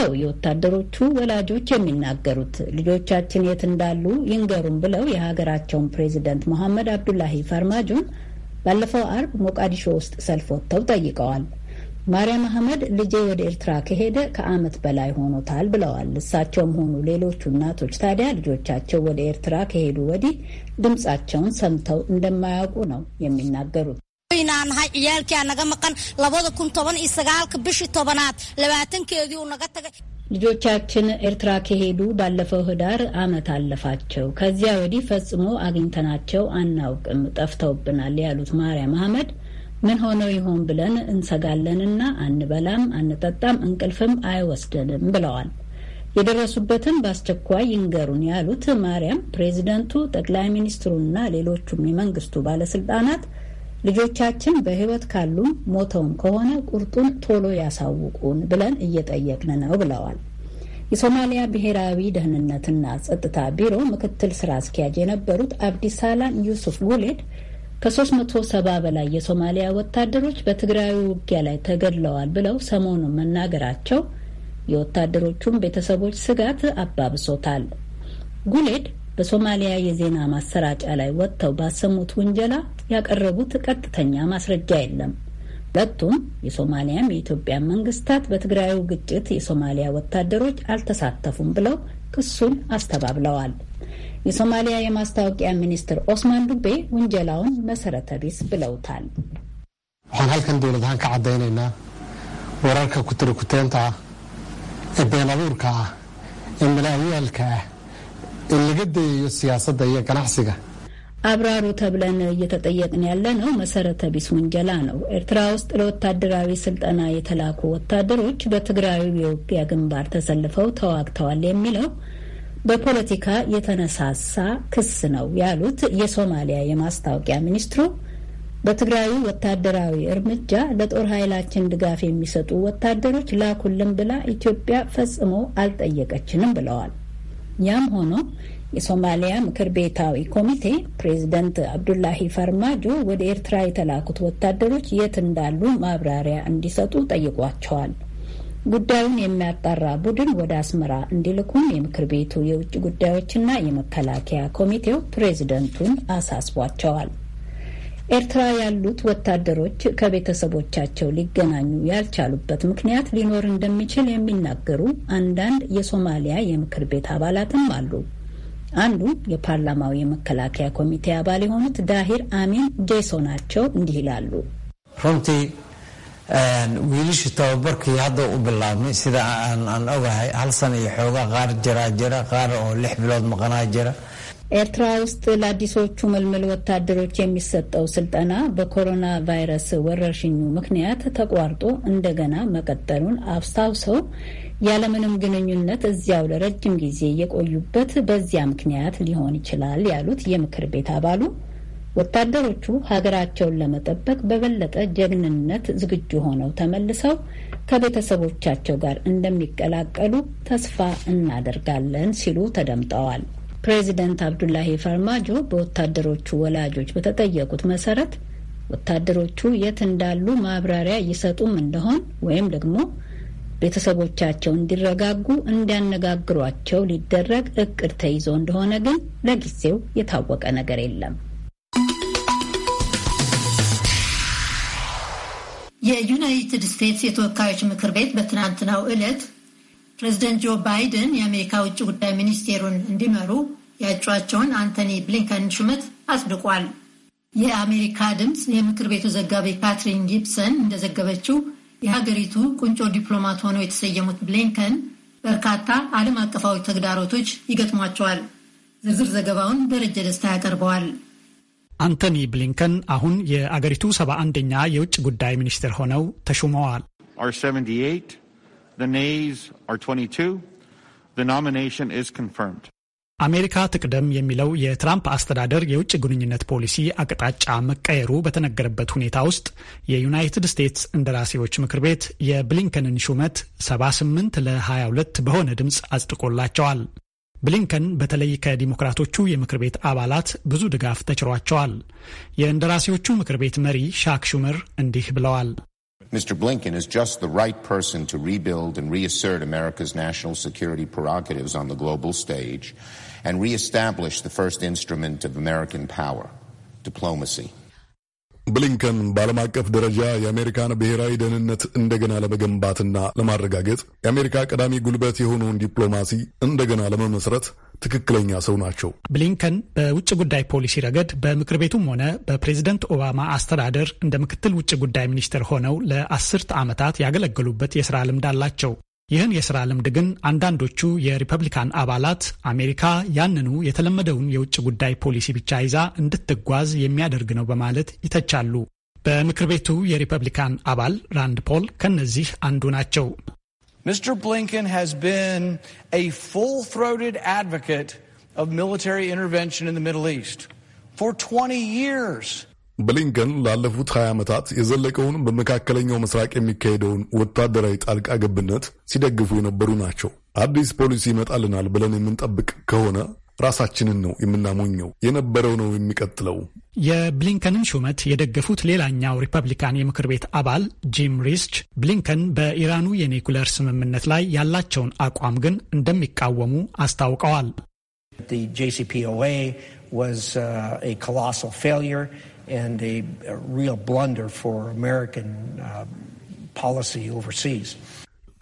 ነው የወታደሮቹ ወላጆች የሚናገሩት። ልጆቻችን የት እንዳሉ ይንገሩም ብለው የሀገራቸውን ፕሬዚደንት መሐመድ አብዱላሂ ፋርማጆን ባለፈው አርብ ሞቃዲሾ ውስጥ ሰልፍ ወጥተው ጠይቀዋል። ማርያም አህመድ ልጄ ወደ ኤርትራ ከሄደ ከዓመት በላይ ሆኖታል ብለዋል። እሳቸውም ሆኑ ሌሎቹ እናቶች ታዲያ ልጆቻቸው ወደ ኤርትራ ከሄዱ ወዲህ ድምፃቸውን ሰምተው እንደማያውቁ ነው የሚናገሩት። ልጆቻችን ኤርትራ ከሄዱ ባለፈው ህዳር ዓመት አለፋቸው። ከዚያ ወዲህ ፈጽሞ አግኝተናቸው አናውቅም፣ ጠፍተውብናል ያሉት ማርያም አህመድ ምን ሆነው ይሆን ብለን እንሰጋለንና አንበላም፣ አንጠጣም፣ እንቅልፍም አይወስደንም ብለዋል። የደረሱበትን በአስቸኳይ ይንገሩን ያሉት ማርያም ፕሬዚደንቱ፣ ጠቅላይ ሚኒስትሩና ሌሎቹም የመንግስቱ ባለስልጣናት ልጆቻችን በሕይወት ካሉም ሞተውም ከሆነ ቁርጡን ቶሎ ያሳውቁን ብለን እየጠየቅን ነው ብለዋል። የሶማሊያ ብሔራዊ ደህንነትና ጸጥታ ቢሮ ምክትል ስራ አስኪያጅ የነበሩት አብዲሳላም ዩሱፍ ጉሌድ ከ370 በላይ የሶማሊያ ወታደሮች በትግራዩ ውጊያ ላይ ተገድለዋል ብለው ሰሞኑን መናገራቸው የወታደሮቹን ቤተሰቦች ስጋት አባብሶታል። ጉሌድ በሶማሊያ የዜና ማሰራጫ ላይ ወጥተው ባሰሙት ውንጀላ ያቀረቡት ቀጥተኛ ማስረጃ የለም። ሁለቱም የሶማሊያም የኢትዮጵያ መንግስታት በትግራዩ ግጭት የሶማሊያ ወታደሮች አልተሳተፉም ብለው ክሱን አስተባብለዋል። የሶማሊያ የማስታወቂያ ሚኒስትር ኦስማን ዱቤ ውንጀላውን መሰረተ ቢስ ብለውታል። ዋን ሀልከን ዶለት ሀንከ ወራርከ ኩትር ኩቴንታ ኤቤናቡርካ ah ኤምላዊያልከ ah የ ገናሕሲጋ አብራሩ ተብለን እየተጠየቅን ያለ ነው። መሰረተ ቢስ ውንጀላ ነው። ኤርትራ ውስጥ ለወታደራዊ ስልጠና የተላኩ ወታደሮች በትግራዩ የውጊያ ግንባር ተሰልፈው ተዋግተዋል የሚለው በፖለቲካ የተነሳሳ ክስ ነው ያሉት የሶማሊያ የማስታወቂያ ሚኒስትሩ በትግራዩ ወታደራዊ እርምጃ ለጦር ኃይላችን ድጋፍ የሚሰጡ ወታደሮች ላኩልን ብላ ኢትዮጵያ ፈጽሞ አልጠየቀችንም ብለዋል። ያም ሆኖ የሶማሊያ ምክር ቤታዊ ኮሚቴ ፕሬዚደንት አብዱላሂ ፈርማጆ ወደ ኤርትራ የተላኩት ወታደሮች የት እንዳሉ ማብራሪያ እንዲሰጡ ጠይቋቸዋል። ጉዳዩን የሚያጣራ ቡድን ወደ አስመራ እንዲልኩም የምክር ቤቱ የውጭ ጉዳዮችና የመከላከያ ኮሚቴው ፕሬዝደንቱን አሳስቧቸዋል። ኤርትራ ያሉት ወታደሮች ከቤተሰቦቻቸው ሊገናኙ ያልቻሉበት ምክንያት ሊኖር እንደሚችል የሚናገሩ አንዳንድ የሶማሊያ የምክር ቤት አባላትም አሉ። አንዱ የፓርላማው የመከላከያ ኮሚቴ አባል የሆኑት ዳሂር አሚን ጄሶ ናቸው። እንዲህ ይላሉ። wiilasha tababarkii hadda u bilaabnay sida aan ogahay hal sana iyo xoogaa qaar jiraa jira qaar oo lix bilood maqanaa jira ኤርትራ ውስጥ ለአዲሶቹ መልመል ወታደሮች የሚሰጠው ስልጠና በኮሮና ቫይረስ ወረርሽኙ ምክንያት ተቋርጦ እንደገና መቀጠሉን አስታውሰው ያለምንም ግንኙነት እዚያው ለረጅም ጊዜ የቆዩበት በዚያ ምክንያት ሊሆን ይችላል ያሉት የምክር ቤት አባሉ ወታደሮቹ ሀገራቸውን ለመጠበቅ በበለጠ ጀግንነት ዝግጁ ሆነው ተመልሰው ከቤተሰቦቻቸው ጋር እንደሚቀላቀሉ ተስፋ እናደርጋለን ሲሉ ተደምጠዋል። ፕሬዚደንት አብዱላሂ ፈርማጆ በወታደሮቹ ወላጆች በተጠየቁት መሰረት ወታደሮቹ የት እንዳሉ ማብራሪያ ይሰጡም እንደሆን ወይም ደግሞ ቤተሰቦቻቸው እንዲረጋጉ እንዲያነጋግሯቸው ሊደረግ እቅድ ተይዞ እንደሆነ ግን ለጊዜው የታወቀ ነገር የለም። የዩናይትድ ስቴትስ የተወካዮች ምክር ቤት በትናንትናው ዕለት ፕሬዚደንት ጆ ባይደን የአሜሪካ ውጭ ጉዳይ ሚኒስቴሩን እንዲመሩ ያጯቸውን አንቶኒ ብሊንከን ሹመት አጽድቋል። የአሜሪካ ድምፅ የምክር ቤቱ ዘጋቢ ካትሪን ጊብሰን እንደዘገበችው የሀገሪቱ ቁንጮ ዲፕሎማት ሆነው የተሰየሙት ብሊንከን በርካታ ዓለም አቀፋዊ ተግዳሮቶች ይገጥሟቸዋል። ዝርዝር ዘገባውን ደረጀ ደስታ ያቀርበዋል። አንቶኒ ብሊንከን አሁን የአገሪቱ ሰባ አንደኛ የውጭ ጉዳይ ሚኒስትር ሆነው ተሹመዋል። አሜሪካ ትቅደም የሚለው የትራምፕ አስተዳደር የውጭ ግንኙነት ፖሊሲ አቅጣጫ መቀየሩ በተነገረበት ሁኔታ ውስጥ የዩናይትድ ስቴትስ እንደራሴዎች ምክር ቤት የብሊንከንን ሹመት 78 ለ22 በሆነ ድምፅ አጽድቆላቸዋል። ብሊንከን በተለይ ከዲሞክራቶቹ የምክር ቤት አባላት ብዙ ድጋፍ ተችሯቸዋል። የእንደራሴዎቹ ምክር ቤት መሪ ሻክ ሹመር እንዲህ ብለዋል። Mr. Blinken is just the right person to rebuild and reassert America's national security prerogatives on the global stage and reestablish the first instrument of American power, diplomacy. ብሊንከን በዓለም አቀፍ ደረጃ የአሜሪካን ብሔራዊ ደህንነት እንደገና ለመገንባትና ለማረጋገጥ የአሜሪካ ቀዳሚ ጉልበት የሆነውን ዲፕሎማሲ እንደገና ለመመስረት ትክክለኛ ሰው ናቸው። ብሊንከን በውጭ ጉዳይ ፖሊሲ ረገድ በምክር ቤቱም ሆነ በፕሬዝደንት ኦባማ አስተዳደር እንደ ምክትል ውጭ ጉዳይ ሚኒስትር ሆነው ለአስርት ዓመታት ያገለገሉበት የስራ ልምድ አላቸው። ይህን የስራ ልምድ ግን አንዳንዶቹ የሪፐብሊካን አባላት አሜሪካ ያንኑ የተለመደውን የውጭ ጉዳይ ፖሊሲ ብቻ ይዛ እንድትጓዝ የሚያደርግ ነው በማለት ይተቻሉ። በምክር ቤቱ የሪፐብሊካን አባል ራንድ ፖል ከነዚህ አንዱ ናቸው። ሚስተር ብሊንከን ሃዝ ቢን ኤ ፉል ትሮትድ አድቮኬት ኦፍ ሚሊታሪ ኢንተርቨንሽን ኢን ዘ ሚድል ኢስት ፎር 20 ይርስ ብሊንከን ላለፉት 20 ዓመታት የዘለቀውን በመካከለኛው ምስራቅ የሚካሄደውን ወታደራዊ ጣልቃ ገብነት ሲደግፉ የነበሩ ናቸው። አዲስ ፖሊሲ ይመጣልናል ብለን የምንጠብቅ ከሆነ ራሳችንን ነው የምናሞኘው። የነበረው ነው የሚቀጥለው። የብሊንከንን ሹመት የደገፉት ሌላኛው ሪፐብሊካን የምክር ቤት አባል ጂም ሪስች ብሊንከን በኢራኑ የኒኩለር ስምምነት ላይ ያላቸውን አቋም ግን እንደሚቃወሙ አስታውቀዋል። and a, a real blunder for American uh, policy overseas.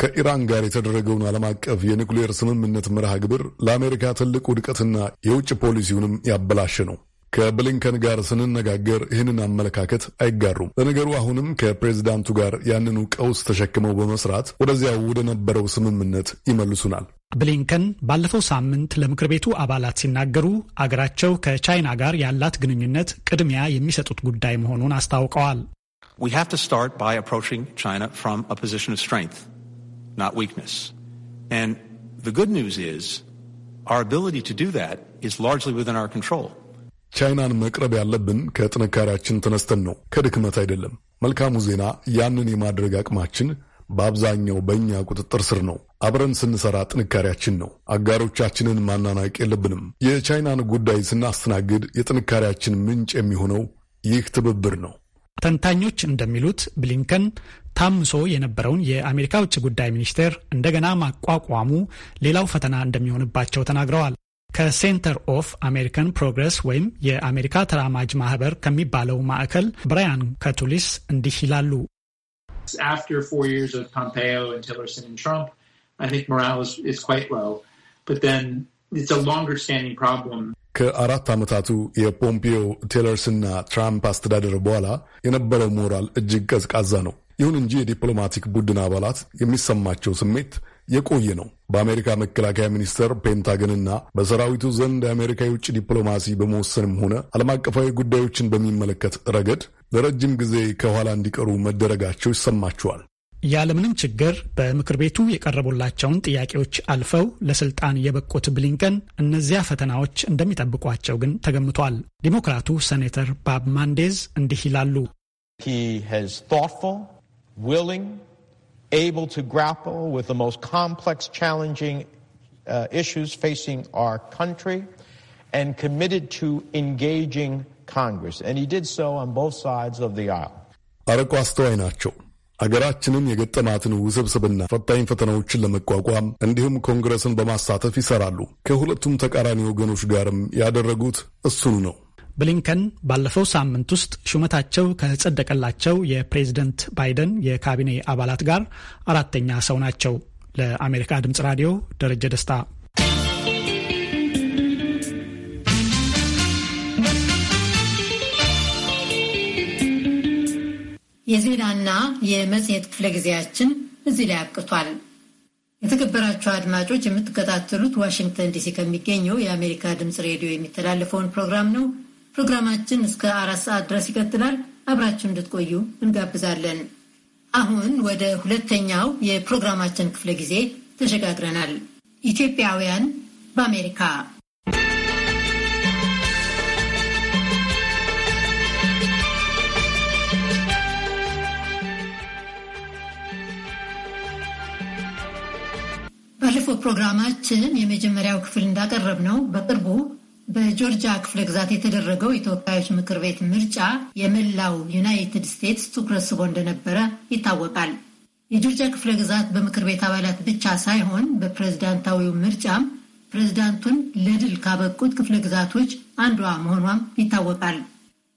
ከኢራን ጋር የተደረገውን ዓለም አቀፍ የኒኩሌር ስምምነት መርሃ ግብር ለአሜሪካ ትልቅ ውድቀትና የውጭ ፖሊሲውንም ያበላሸ ነው። ከብሊንከን ጋር ስንነጋገር ይህንን አመለካከት አይጋሩም። ለነገሩ አሁንም ከፕሬዚዳንቱ ጋር ያንኑ ቀውስ ተሸክመው በመስራት ወደዚያው ወደ ነበረው ስምምነት ይመልሱናል። ብሊንከን ባለፈው ሳምንት ለምክር ቤቱ አባላት ሲናገሩ አገራቸው ከቻይና ጋር ያላት ግንኙነት ቅድሚያ የሚሰጡት ጉዳይ መሆኑን አስታውቀዋል። ቻይናን መቅረብ ያለብን ከጥንካሬያችን ተነስተን ነው፣ ከድክመት አይደለም። መልካሙ ዜና ያንን የማድረግ አቅማችን በአብዛኛው በእኛ ቁጥጥር ስር ነው። አብረን ስንሰራ ጥንካሬያችን ነው። አጋሮቻችንን ማናናቅ የለብንም። የቻይናን ጉዳይ ስናስተናግድ የጥንካሬያችን ምንጭ የሚሆነው ይህ ትብብር ነው። ተንታኞች እንደሚሉት ብሊንከን ታምሶ የነበረውን የአሜሪካ ውጭ ጉዳይ ሚኒስቴር እንደገና ማቋቋሙ ሌላው ፈተና እንደሚሆንባቸው ተናግረዋል። ከሴንተር ኦፍ አሜሪካን ፕሮግረስ ወይም የአሜሪካ ተራማጅ ማህበር ከሚባለው ማዕከል ብራያን ከቱሊስ እንዲህ ይላሉ። After four years of Pompeo and Tillerson and Trump, I think morale is, is quite low. But then it's a longer standing problem. ከአራት ዓመታቱ የፖምፒዮ ቴለርስና ትራምፕ አስተዳደር በኋላ የነበረው ሞራል እጅግ ቀዝቃዛ ነው። ይሁን እንጂ የዲፕሎማቲክ ቡድን አባላት የሚሰማቸው ስሜት የቆየ ነው። በአሜሪካ መከላከያ ሚኒስቴር ፔንታገንና በሰራዊቱ ዘንድ የአሜሪካ የውጭ ዲፕሎማሲ በመወሰንም ሆነ ዓለም አቀፋዊ ጉዳዮችን በሚመለከት ረገድ ለረጅም ጊዜ ከኋላ እንዲቀሩ መደረጋቸው ይሰማቸዋል። ያለምንም ችግር በምክር ቤቱ የቀረቡላቸውን ጥያቄዎች አልፈው ለስልጣን የበቁት ብሊንከን እነዚያ ፈተናዎች እንደሚጠብቋቸው ግን ተገምቷል። ዲሞክራቱ ሴኔተር ባብ ማንዴዝ እንዲህ ይላሉ። able to grapple with the most complex, challenging uh, issues facing our country, and committed to engaging Congress. And he did so on both sides of the aisle. አገራችንን የገጠማትን ውስብስብና ፈታኝ ፈተናዎችን ለመቋቋም እንዲሁም ኮንግረስን በማሳተፍ ይሰራሉ። ከሁለቱም ተቃራኒ ወገኖች ጋርም ያደረጉት እሱኑ ነው። ብሊንከን ባለፈው ሳምንት ውስጥ ሹመታቸው ከጸደቀላቸው የፕሬዝደንት ባይደን የካቢኔ አባላት ጋር አራተኛ ሰው ናቸው። ለአሜሪካ ድምጽ ራዲዮ ደረጀ ደስታ። የዜናና የመጽሔት ክፍለ ጊዜያችን እዚህ ላይ አብቅቷል። የተከበራችሁ አድማጮች የምትከታተሉት ዋሽንግተን ዲሲ ከሚገኘው የአሜሪካ ድምፅ ሬዲዮ የሚተላለፈውን ፕሮግራም ነው። ፕሮግራማችን እስከ አራት ሰዓት ድረስ ይቀጥላል። አብራችሁ እንድትቆዩ እንጋብዛለን። አሁን ወደ ሁለተኛው የፕሮግራማችን ክፍለ ጊዜ ተሸጋግረናል። ኢትዮጵያውያን በአሜሪካ ባለፈው ፕሮግራማችን የመጀመሪያው ክፍል እንዳቀረብ ነው በቅርቡ በጆርጂያ ክፍለ ግዛት የተደረገው የተወካዮች ምክር ቤት ምርጫ የመላው ዩናይትድ ስቴትስ ትኩረት ስቦ እንደነበረ ይታወቃል። የጆርጂያ ክፍለ ግዛት በምክር ቤት አባላት ብቻ ሳይሆን በፕሬዝዳንታዊው ምርጫም ፕሬዝዳንቱን ለድል ካበቁት ክፍለ ግዛቶች አንዷ መሆኗም ይታወቃል።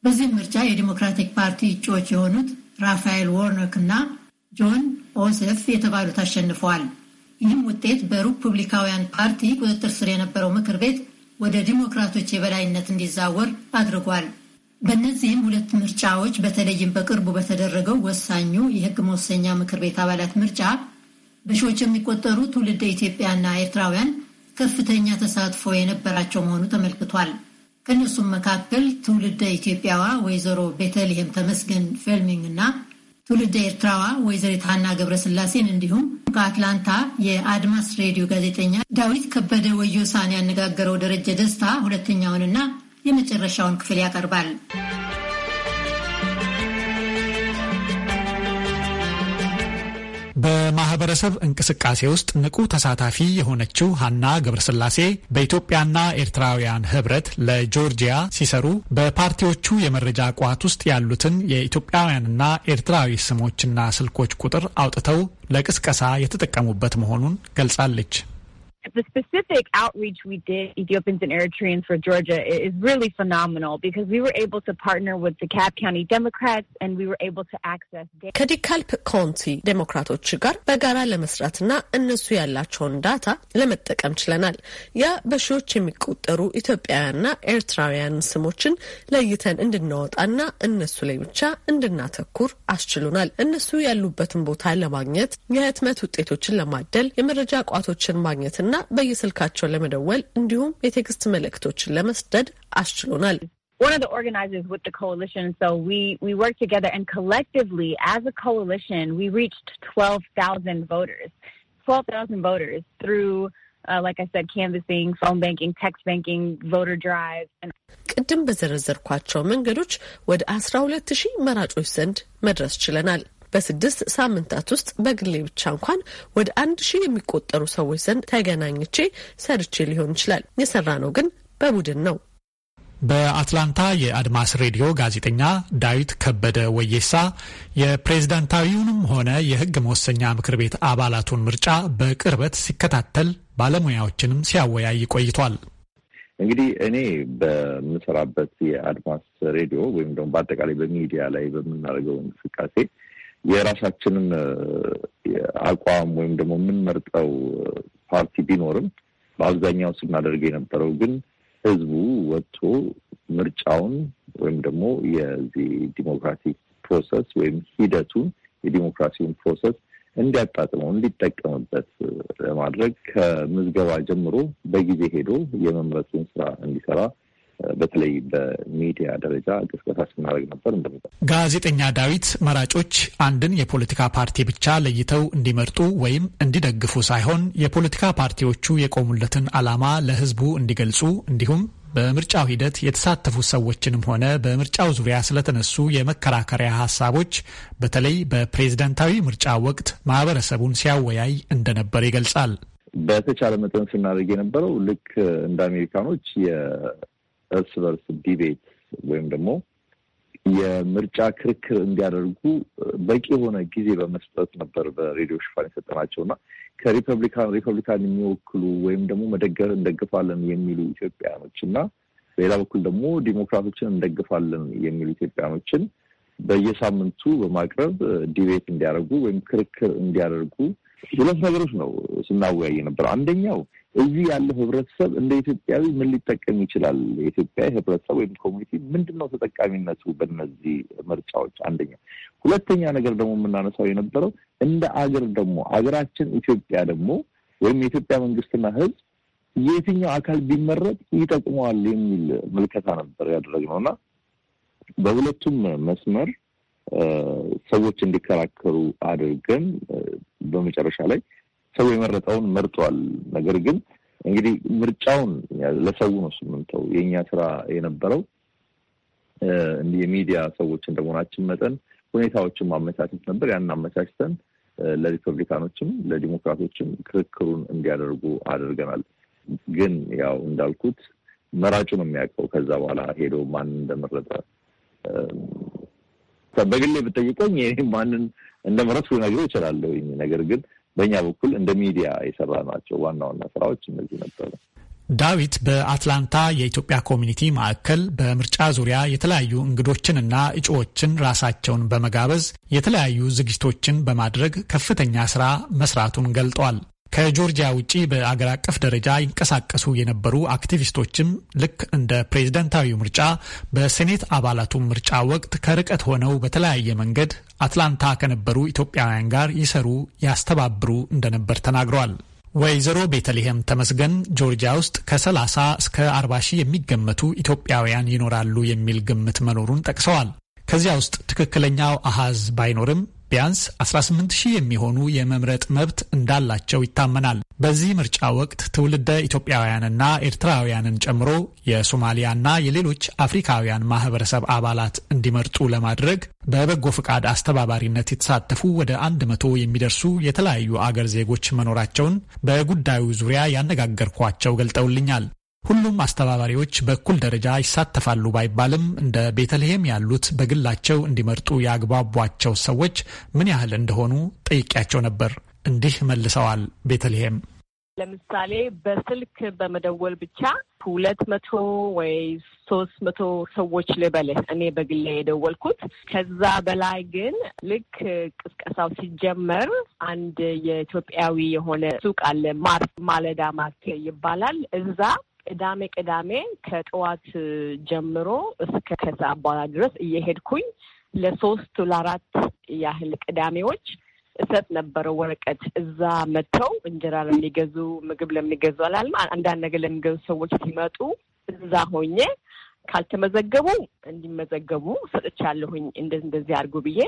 በዚህም ምርጫ የዲሞክራቲክ ፓርቲ እጩዎች የሆኑት ራፋኤል ዎርኖክ እና ጆን ኦሴፍ የተባሉት አሸንፈዋል። ይህም ውጤት በሪፑብሊካውያን ፓርቲ ቁጥጥር ስር የነበረው ምክር ቤት ወደ ዲሞክራቶች የበላይነት እንዲዛወር አድርጓል። በእነዚህም ሁለት ምርጫዎች በተለይም በቅርቡ በተደረገው ወሳኙ የህግ መወሰኛ ምክር ቤት አባላት ምርጫ በሺዎች የሚቆጠሩ ትውልደ ኢትዮጵያና ኤርትራውያን ከፍተኛ ተሳትፎ የነበራቸው መሆኑ ተመልክቷል። ከእነሱም መካከል ትውልደ ኢትዮጵያዋ ወይዘሮ ቤተልሔም ተመስገን ፌልሚንግ እና ትውልድ ኤርትራዋ ወይዘሪት ሀና ገብረስላሴን እንዲሁም ከአትላንታ የአድማስ ሬዲዮ ጋዜጠኛ ዳዊት ከበደ ወዮሳን ያነጋገረው ደረጀ ደስታ ሁለተኛውንና የመጨረሻውን ክፍል ያቀርባል። በማህበረሰብ እንቅስቃሴ ውስጥ ንቁ ተሳታፊ የሆነችው ሀና ገብረስላሴ በኢትዮጵያና ኤርትራውያን ህብረት ለጆርጂያ ሲሰሩ በፓርቲዎቹ የመረጃ ቋት ውስጥ ያሉትን የኢትዮጵያውያንና ኤርትራዊ ስሞችና ስልኮች ቁጥር አውጥተው ለቅስቀሳ የተጠቀሙበት መሆኑን ገልጻለች። the specific outreach we did, Ethiopians and Eritreans for Georgia, is really phenomenal because we were able to partner with the Cab County Democrats and we were able to access ከዲካልፕ ካውንቲ ዴሞክራቶች ጋር በጋራ ለመስራትና እነሱ ያላቸውን ዳታ ለመጠቀም ችለናል። ያ በሺዎች የሚቆጠሩ ኢትዮጵያውያንና ኤርትራውያን ስሞችን ለይተን እንድናወጣና እነሱ ላይ ብቻ እንድናተኩር አስችሉናል። እነሱ ያሉበትን ቦታ ለማግኘት የህትመት ውጤቶችን ለማደል የመረጃ ቋቶችን ማግኘትና ለማግኘትና በየስልካቸው ለመደወል እንዲሁም የቴክስት መልእክቶችን ለመስደድ አስችሎናል። one of the organizers with the coalition, so we, we worked together and collectively as a coalition, we reached 12,000 voters, 12,000 voters through, uh, like I said, canvassing, phone banking, text banking, voter drives. And ቅድም በዘረዘርኳቸው መንገዶች ወደ 12 ሺህ መራጮች ዘንድ መድረስ ችለናል። በስድስት ሳምንታት ውስጥ በግሌ ብቻ እንኳን ወደ አንድ ሺህ የሚቆጠሩ ሰዎች ዘንድ ተገናኝቼ ሰርቼ ሊሆን ይችላል። የሰራ ነው ግን በቡድን ነው። በአትላንታ የአድማስ ሬዲዮ ጋዜጠኛ ዳዊት ከበደ ወየሳ የፕሬዝዳንታዊውንም ሆነ የሕግ መወሰኛ ምክር ቤት አባላቱን ምርጫ በቅርበት ሲከታተል ባለሙያዎችንም ሲያወያይ ቆይቷል። እንግዲህ እኔ በምሰራበት የአድማስ ሬዲዮ ወይም ደግሞ በአጠቃላይ በሚዲያ ላይ በምናደርገው እንቅስቃሴ የራሳችንን አቋም ወይም ደግሞ የምንመርጠው ፓርቲ ቢኖርም በአብዛኛው ስናደርግ የነበረው ግን ህዝቡ ወጥቶ ምርጫውን ወይም ደግሞ የዚህ ዲሞክራቲክ ፕሮሰስ ወይም ሂደቱን የዲሞክራሲውን ፕሮሰስ እንዲያጣጥመው እንዲጠቀምበት ለማድረግ ከምዝገባ ጀምሮ በጊዜ ሄዶ የመምረጡን ስራ እንዲሰራ በተለይ በሚዲያ ደረጃ ቅስቀሳ ስናደርግ ነበር። እንደ ጋዜጠኛ ዳዊት መራጮች አንድን የፖለቲካ ፓርቲ ብቻ ለይተው እንዲመርጡ ወይም እንዲደግፉ ሳይሆን የፖለቲካ ፓርቲዎቹ የቆሙለትን ዓላማ ለሕዝቡ እንዲገልጹ እንዲሁም በምርጫው ሂደት የተሳተፉ ሰዎችንም ሆነ በምርጫው ዙሪያ ስለተነሱ የመከራከሪያ ሀሳቦች በተለይ በፕሬዝደንታዊ ምርጫ ወቅት ማህበረሰቡን ሲያወያይ እንደነበር ይገልጻል። በተቻለ መጠን ስናደርግ የነበረው ልክ እንደ አሜሪካኖች እርስ በርስ ዲቤት ወይም ደግሞ የምርጫ ክርክር እንዲያደርጉ በቂ የሆነ ጊዜ በመስጠት ነበር በሬዲዮ ሽፋን የሰጠናቸው እና ከሪፐብሊካን ሪፐብሊካን የሚወክሉ ወይም ደግሞ መደገፍ እንደግፋለን የሚሉ ኢትዮጵያኖች እና በሌላ በኩል ደግሞ ዲሞክራቶችን እንደግፋለን የሚሉ ኢትዮጵያኖችን በየሳምንቱ በማቅረብ ዲቤት እንዲያደርጉ ወይም ክርክር እንዲያደርጉ ሁለት ነገሮች ነው ስናወያየ ነበር። አንደኛው እዚህ ያለው ህብረተሰብ እንደ ኢትዮጵያዊ ምን ሊጠቀም ይችላል? የኢትዮጵያ ህብረተሰብ ወይም ኮሚኒቲ ምንድን ነው ተጠቃሚነቱ በእነዚህ ምርጫዎች? አንደኛ። ሁለተኛ ነገር ደግሞ የምናነሳው የነበረው እንደ አገር ደግሞ አገራችን ኢትዮጵያ ደግሞ ወይም የኢትዮጵያ መንግስትና ህዝብ የትኛው አካል ቢመረጥ ይጠቅመዋል የሚል ምልከታ ነበር ያደረግነው እና በሁለቱም መስመር ሰዎች እንዲከራከሩ አድርገን በመጨረሻ ላይ ሰው የመረጠውን መርጧል። ነገር ግን እንግዲህ ምርጫውን ለሰው ነው ስምንተው የእኛ ስራ የነበረው የሚዲያ ሰዎች እንደመሆናችን መጠን ሁኔታዎችን ማመቻቸት ነበር። ያንን አመቻችተን ለሪፐብሊካኖችም ለዲሞክራቶችም ክርክሩን እንዲያደርጉ አድርገናል። ግን ያው እንዳልኩት መራጩ ነው የሚያውቀው ከዛ በኋላ ሄዶ ማንን እንደመረጠ። በግሌ ብጠይቀኝ ማንን እንደመረጥኩ ልነግርህ እችላለሁ። ነገር ግን በእኛ በኩል እንደ ሚዲያ የሰራ ናቸው ዋና ዋና ስራዎች እነዚህ ነበሩ። ዳዊት በአትላንታ የኢትዮጵያ ኮሚኒቲ ማዕከል በምርጫ ዙሪያ የተለያዩ እንግዶችንና እጩዎችን ራሳቸውን በመጋበዝ የተለያዩ ዝግጅቶችን በማድረግ ከፍተኛ ስራ መስራቱን ገልጧል። ከጆርጂያ ውጪ በአገር አቀፍ ደረጃ ይንቀሳቀሱ የነበሩ አክቲቪስቶችም ልክ እንደ ፕሬዝደንታዊ ምርጫ በሴኔት አባላቱ ምርጫ ወቅት ከርቀት ሆነው በተለያየ መንገድ አትላንታ ከነበሩ ኢትዮጵያውያን ጋር ይሰሩ፣ ያስተባብሩ እንደነበር ተናግረዋል። ወይዘሮ ቤተልሔም ተመስገን ጆርጂያ ውስጥ ከ30 እስከ 40 ሺህ የሚገመቱ ኢትዮጵያውያን ይኖራሉ የሚል ግምት መኖሩን ጠቅሰዋል። ከዚያ ውስጥ ትክክለኛው አሃዝ ባይኖርም ቢያንስ 18000 የሚሆኑ የመምረጥ መብት እንዳላቸው ይታመናል። በዚህ ምርጫ ወቅት ትውልደ ኢትዮጵያውያንና ኤርትራውያንን ጨምሮ የሶማሊያና የሌሎች አፍሪካውያን ማህበረሰብ አባላት እንዲመርጡ ለማድረግ በበጎ ፍቃድ አስተባባሪነት የተሳተፉ ወደ አንድ መቶ የሚደርሱ የተለያዩ አገር ዜጎች መኖራቸውን በጉዳዩ ዙሪያ ያነጋገርኳቸው ገልጠውልኛል። ሁሉም አስተባባሪዎች በእኩል ደረጃ ይሳተፋሉ ባይባልም እንደ ቤተልሔም ያሉት በግላቸው እንዲመርጡ ያግባቧቸው ሰዎች ምን ያህል እንደሆኑ ጠይቄያቸው ነበር። እንዲህ መልሰዋል። ቤተልሔም ለምሳሌ በስልክ በመደወል ብቻ ሁለት መቶ ወይ ሶስት መቶ ሰዎች ልበልህ እኔ በግሌ የደወልኩት። ከዛ በላይ ግን ልክ ቅስቀሳው ሲጀመር አንድ የኢትዮጵያዊ የሆነ ሱቅ አለ፣ ማርት ማለዳ ማርት ይባላል። እዛ ቅዳሜ ቅዳሜ ከጠዋት ጀምሮ እስከ ከሰዓት በኋላ ድረስ እየሄድኩኝ ለሶስት ለአራት ያህል ቅዳሜዎች እሰጥ ነበረ ወረቀት። እዛ መጥተው እንጀራ ለሚገዙ ምግብ ለሚገዙ አላልም አንዳንድ ነገር ለሚገዙ ሰዎች ሲመጡ እዛ ሆኜ ካልተመዘገቡ እንዲመዘገቡ ሰጥቻለሁኝ እንደዚህ እንደዚህ አድርጉ ብዬ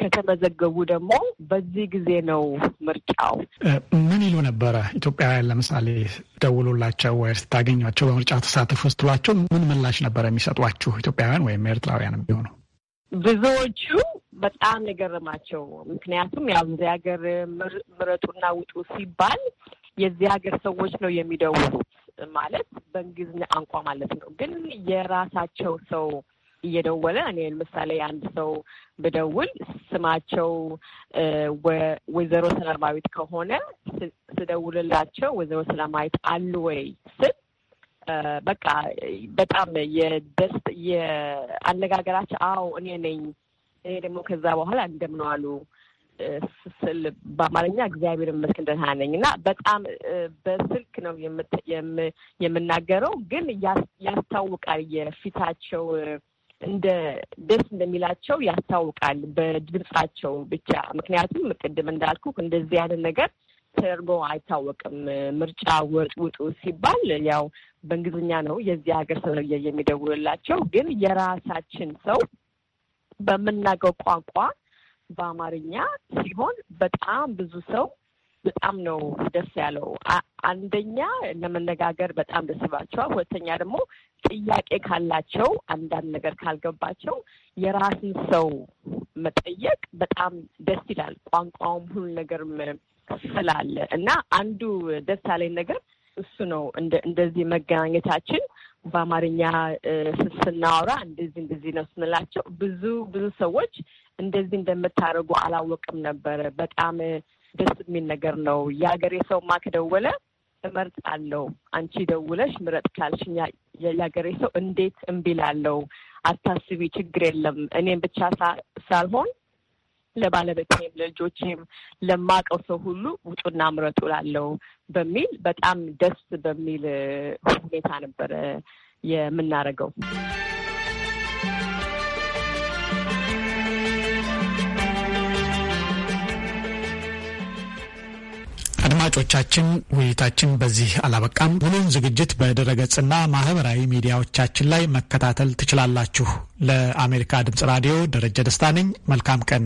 ከተመዘገቡ ደግሞ በዚህ ጊዜ ነው ምርጫው። ምን ይሉ ነበረ ኢትዮጵያውያን? ለምሳሌ ደውሉላቸው ወይ ስታገኟቸው በምርጫ ተሳተፉ ስትሏቸው ምን ምላሽ ነበረ የሚሰጧችሁ ኢትዮጵያውያን ወይም ኤርትራውያን ቢሆኑ? ብዙዎቹ በጣም የገረማቸው ምክንያቱም ያው እዚህ ሀገር ምረጡና ውጡ ሲባል የዚህ ሀገር ሰዎች ነው የሚደውሉ ማለት በእንግሊዝኛ ቋንቋ ማለት ነው። ግን የራሳቸው ሰው እየደወለ እኔ ለምሳሌ አንድ ሰው ብደውል ስማቸው ወይዘሮ ሰላማዊት ከሆነ ስደውልላቸው ወይዘሮ ሰላማዊት አሉ ወይ ስል በቃ በጣም የደስ የአነጋገራቸው አዎ እኔ ነኝ እኔ ደግሞ ከዛ በኋላ እንደምን ዋሉ ስል በአማርኛ እግዚአብሔር ይመስገን ደህና ነኝ እና በጣም በስልክ ነው የምናገረው፣ ግን ያስታውቃል። የፊታቸው እንደ ደስ እንደሚላቸው ያስታውቃል በድምጻቸው ብቻ። ምክንያቱም ቅድም እንዳልኩ እንደዚህ ያለ ነገር ተደርጎ አይታወቅም። ምርጫ ወጥ ውጡ ሲባል ያው በእንግሊዝኛ ነው የዚህ ሀገር ሰው የሚደውልላቸው፣ ግን የራሳችን ሰው በምናገው ቋንቋ በአማርኛ ሲሆን በጣም ብዙ ሰው በጣም ነው ደስ ያለው። አንደኛ ለመነጋገር በጣም ደስ ባቸዋል። ሁለተኛ ደግሞ ጥያቄ ካላቸው አንዳንድ ነገር ካልገባቸው የራስን ሰው መጠየቅ በጣም ደስ ይላል። ቋንቋውም ሁሉ ነገር ስላለ እና አንዱ ደስ ያለኝ ነገር እሱ ነው። እንደዚህ መገናኘታችን በአማርኛ ስናወራ እንደዚህ እንደዚህ ነው ስንላቸው ብዙ ብዙ ሰዎች እንደዚህ እንደምታደርጉ አላወቅም ነበረ። በጣም ደስ የሚል ነገር ነው። የሀገሬ ሰው ማ ከደወለ እመርጥ አለው። አንቺ ደውለሽ ምረጥ ካልሽኛ የሀገሬ ሰው እንዴት እምቢላለው? አታስቢ፣ ችግር የለም እኔም ብቻ ሳልሆን ለባለቤቴም ለልጆቼም ለማቀው ሰው ሁሉ ውጡና ምረጡ ላለው በሚል በጣም ደስ በሚል ሁኔታ ነበረ የምናደርገው። አድማጮቻችን፣ ውይይታችን በዚህ አላበቃም። ሙሉን ዝግጅት በድረገጽና ማህበራዊ ሚዲያዎቻችን ላይ መከታተል ትችላላችሁ። ለአሜሪካ ድምጽ ራዲዮ ደረጀ ደስታ ነኝ። መልካም ቀን።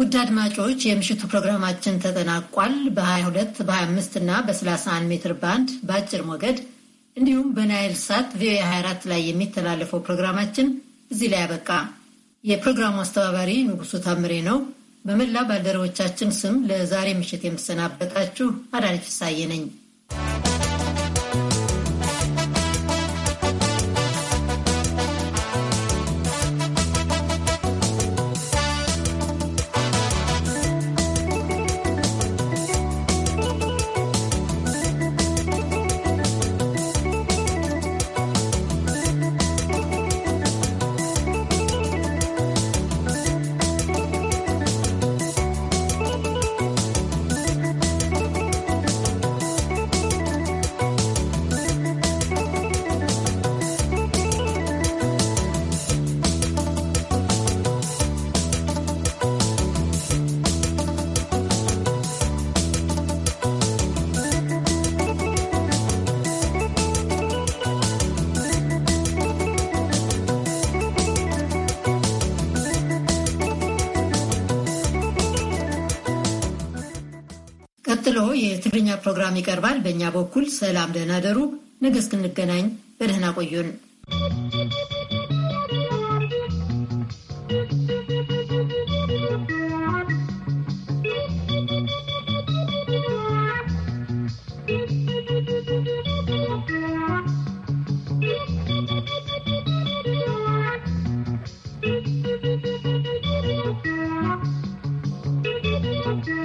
ውድ አድማጮች የምሽቱ ፕሮግራማችን ተጠናቋል። በ22 በ25 እና በ31 ሜትር ባንድ በአጭር ሞገድ እንዲሁም በናይል ሳት ቪኦኤ 24 ላይ የሚተላለፈው ፕሮግራማችን እዚህ ላይ ያበቃ። የፕሮግራሙ አስተባባሪ ንጉሱ ታምሬ ነው። በመላ ባልደረቦቻችን ስም ለዛሬ ምሽት የምሰናበታችሁ አዳነች ሳዬ ነኝ። ፕሮግራም ይቀርባል። በእኛ በኩል ሰላም፣ ደህና ደሩ። ነገ እስክንገናኝ በደህና ቆዩን።